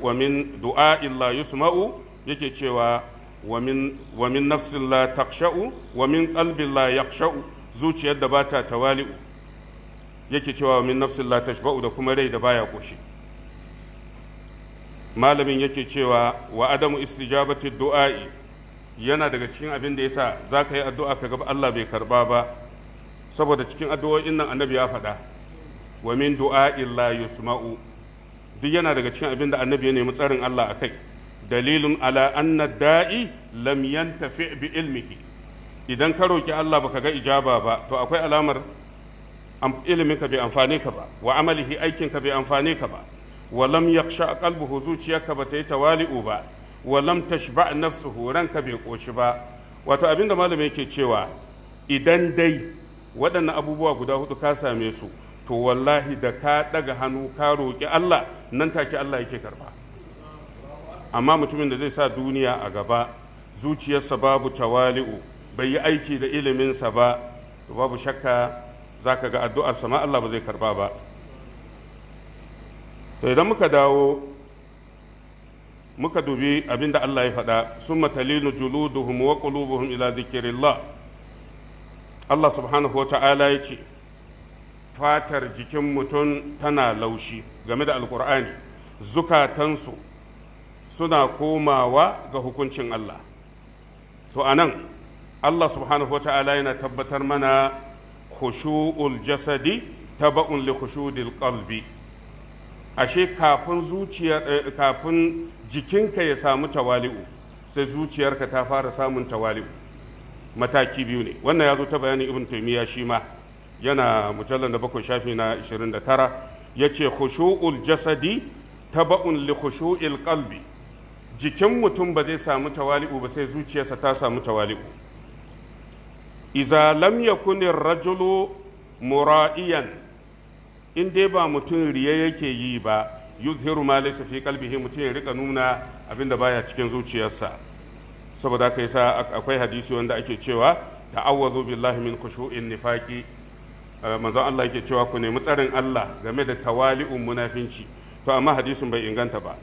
wa min du'a illa yusma'u yake cewa wa min wa min nafsilla taksha'u wa min la yakhsha'u zuciyar da bata tawali'u yake cewa min la tashba'u da kuma rai da baya koshi malamin yake cewa wa adamu istijabati du'a'i yana daga cikin abin da ya sa za ka yi addu'a ka gaba Allah bai karba ba saboda cikin addu'o'in nan annabi ya faɗa wa min du'a la yusma'u duk yana daga cikin abin da annabi ya nemi tsarin Allah a kai dalilin ala anna da'i lam yantafi bi ilmihi idan ka roki Allah baka ga ijaba ba to akwai alamar ilimin ka bai amfane ka ba wa amalihi aikin ka bai amfane ka ba wa lam yakhsha qalbuhu zuciyarka ba ta yi tawali'u ba wa lam tashba nafsuhu ranka bai koshi ba wato abinda malami yake cewa idan dai waɗannan abubuwa guda hudu ka same su to wallahi da ka ɗaga hannu ka roƙi Allah nan take Allah yake karba amma mutumin da zai sa duniya a gaba zuciyarsa babu tawali'u bai yi aiki da iliminsa ba babu shakka zaka ga addu'arsa ma Allah ba zai karba ba to idan muka dawo muka dubi abin da Allah ya faɗa sun matalinu juluduhum wa qulubuhum ila zikirillah Allah subhanahu wa ta'ala ya ce fatar jikin mutum tana laushi game da alkur'ani zukatansu suna komawa ga hukuncin Allah to anan Allah subhanahu wa ta'ala yana tabbatar mana khushu'ul jasadi taba'un li khushu'il qalbi ashe kafin zuciya eh, kafin jikinka ya samu tawali'u sai zuciyarka ta fara samun tawali'u mataki biyu ne wannan ya zo ta bayanin ibn taymiya shi ma yana mujallar da bakwai shafi na 29 ya ce khushu'ul jasadi taba'un li khushu'il qalbi jikin mutum ba zai samu tawali'u ba sai zuciyarsa ta samu tawali'u iza lam yakuni rajulu mura'iyan in dai ba mutum riya yake yi ba yuzhiru ma laysa fi qalbihi mutum ya rika nuna abinda baya cikin zuciyarsa saboda haka yasa akwai hadisi wanda ake cewa ta'awwazu billahi min khushu'in nifaqi eh, manzon Allah yake cewa ku nemi tsarin Allah game da tawali'un munafinci to amma hadisin bai inganta ba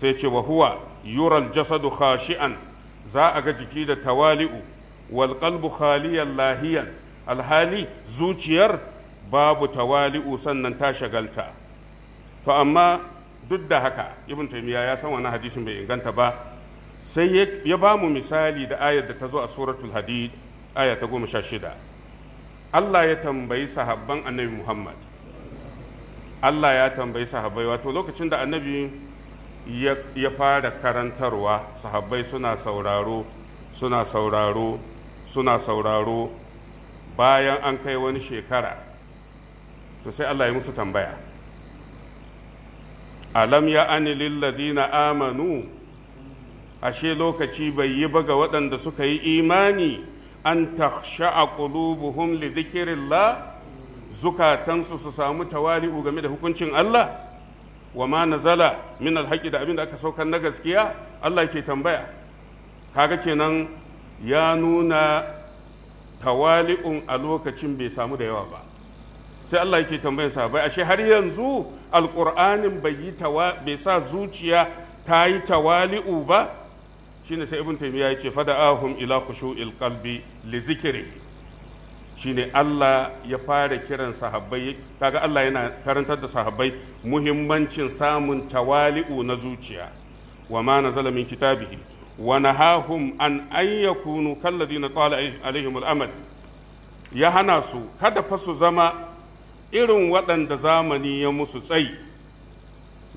sai ce wa huwa yural jasadu khashi'an za a ga jiki da tawali'u wal qalbu khaliyan lahiyan alhali zuciyar babu tawali'u sannan ta shagalta to amma duk da haka ibn taymiya ya san wani hadisin bai inganta ba sai ya ba mu misali da ayar da ta zo a suratul hadid aya ta goma sha shida Allah ya tambayi sahabban annabi Muhammad Allah ya tambayi sahabbai wato lokacin da annabi ya fara karantarwa sahabbai suna sauraro suna sauraro suna sauraro bayan an kai wani shekara to sai Allah ya musu tambaya alam ya ani lilladina amanu ashe lokaci bai yi ba ga waɗanda suka yi imani an taksha'a qulubuhum li dhikrillah zukatansu su samu tawali'u game da hukuncin Allah wa ma nazala min alhaƙi da abin da aka saukar na gaskiya Allah ke tambaya kaga kenan ya nuna tawali'un a lokacin bai samu da yawa ba sai Allah yake tambayar sahabai ashe har yanzu alqur'anin bai yi bai sa zuciya ta yi tawali'u ba shine sai ibn taymiya yace fada'ahum ila khushu'il qalbi li zikri shine Allah ya fara kiran sahabbai kaga Allah yana karantar da sahabbai muhimmancin samun tawali'u na zuciya wa ma nazala min kitabihi wa nahahum an an yakunu kalladina qala alaihim al ya hana su kada fa su zama irin waɗanda zamani ya musu tsayi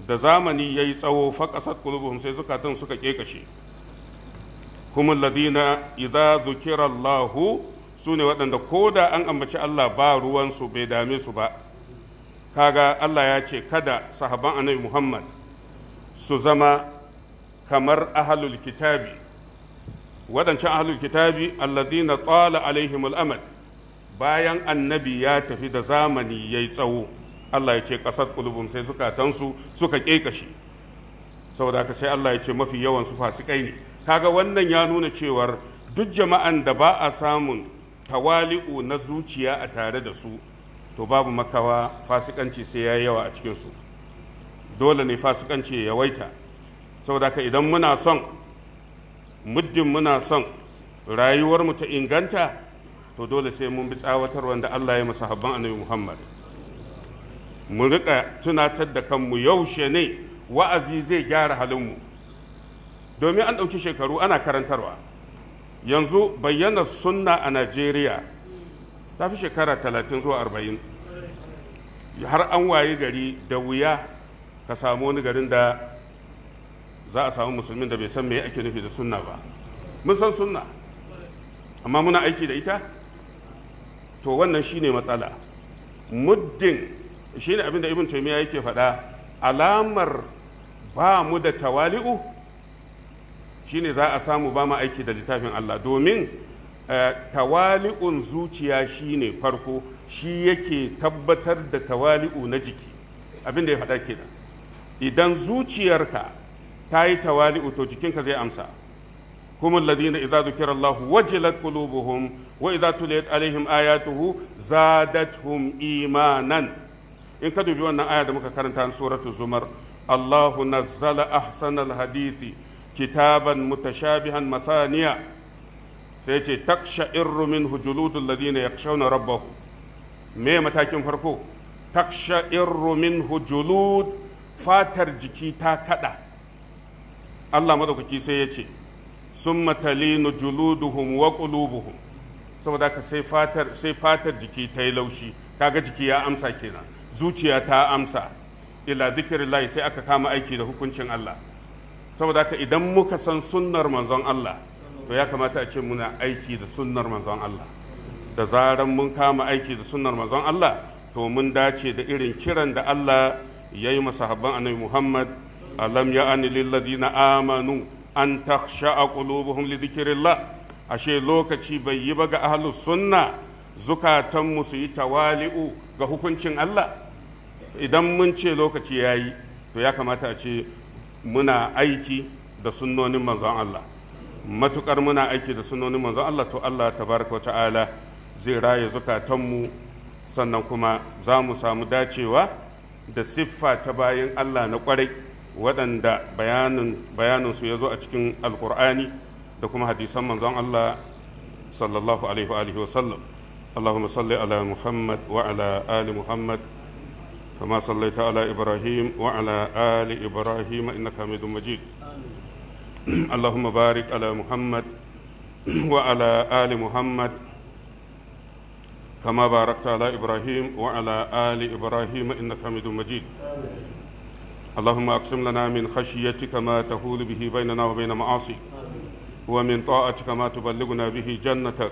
da zamani ya yi tsawo faƙasar kulubun sai zukatan suka ƙeƙashe kuma ladina idan zukira Allahu su ne waɗanda ko da an ambaci Allah ba ruwansu bai dame su ba kaga Allah ya ce kada sahaban anai Muhammad su zama kamar ahlul kitabi waɗancan ahlul kitabi alladina tsala alaihimul amad bayan annabi ya tafi da zamani ya yi tsawo Allah ya ce ƙasar ƙulubun sai zukatansu suka ƙeƙashi saboda ka sai Allah ya ce mafi yawan su fasikai ne kaga wannan ya nuna cewar duk jama'an da ba a samun tawali'u na zuciya a tare da su to babu makawa fasikanci sai ya yawa a cikinsu dole ne fasikanci ya yawaita saboda ka idan muna son muddin muna son rayuwarmu ta inganta to dole sai mun bi tsawatar wanda Allah ya masa habban annabi Muhammad mu rika tunatar da kanmu yaushe ne wa'azi zai gyara halinmu domin an ɗauki shekaru ana karantarwa yanzu bayyana sunna a Najeriya ta fi shekara talatin zuwa arba'in har an wayi gari da wuya ka samu wani garin da za a samu musulmin da bai san me ake nufi da sunna ba mun san sunna amma muna aiki da ita to wannan shine matsala muddin shine abin da ibn taymiya yake faɗa alamar ba mu da tawali'u shine za a samu ba mu aiki da littafin Allah domin eh, tawali'un zuciya shine farko shi yake tabbatar da tawali'u na jiki abin da ya faɗa kenan idan zuciyarka ta yi tawali'u to jikinka zai amsa هم الذين إذا ذكر الله وجلت قلوبهم وإذا تليت عليهم آياته زادتهم إيمانا إن كدوا بيوانا آية دمك كانت سورة الزمر الله نزل أحسن الحديث كتابا متشابها مثانيا سيتي تقشعر منه جلود الذين يخشون ربه ما متاكين فرقو تقشعر منه جلود فاتر جكي تا كدا الله مدوكي سيتي summa talinu juluduhum wa qulubuhum saboda ka sai fatar sai fatar jiki ta yi laushi kaga jiki ya amsa kenan zuciya ta amsa ila zikrillah sai aka kama aiki da hukuncin Allah saboda ka idan muka san sunnar manzon Allah to ya kamata a ce muna aiki da sunnar manzon Allah da zaran mun kama aiki da sunnar manzon Allah to mun dace da irin kiran da Allah ya yi masahabban annabi Muhammad alam ya ani lilladina amanu an takhsha'a qulubuhum li dhikrillah ashe lokaci bai yi ba ga ahalus sunna zukatanmu su yi tawali'u ga hukuncin Allah idan mun ce lokaci ya yi to ya kamata a ce muna aiki da sunnonin manzon Allah matukar muna aiki da sunnonin manzon Allah to Allah tabaraka wa ta'ala zai raye zukatanmu sannan kuma za mu samu dacewa da siffa ta bayan Allah na kwarai waɗanda bayaninsu ya zo a cikin alkur'ani da kuma hadisan manzon Allah sallallahu alaihi wa sallam اللهم صل على محمد وعلى آل محمد كما صليت على إبراهيم وعلى آل إبراهيم إنك حميد مجيد اللهم بارك على محمد وعلى آل محمد كما باركت على إبراهيم وعلى آل إبراهيم إنك حميد مجيد آمين. اللهم اقسم لنا من خشيتك ما تهول به بيننا وبين معاصيك ومن طاعتك ما تبلغنا به جنتك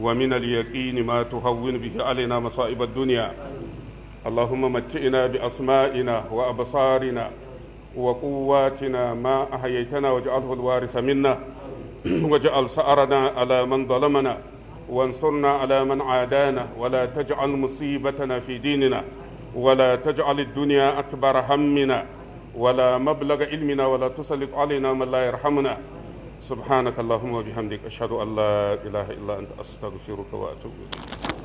ومن اليقين ما تهون به علينا مصائب الدنيا اللهم متئنا بأسمائنا وأبصارنا وقواتنا ما أحييتنا واجعله الوارث منا واجعل سأرنا على من ظلمنا وانصرنا على من عادانا ولا تجعل مصيبتنا في ديننا ولا تجعل الدنيا أكبر همنا ولا مبلغ علمنا ولا تسلط علينا من لا يرحمنا سبحانك اللهم وبحمدك أشهد أن لا إله إلا أنت أستغفرك وأتوب إليك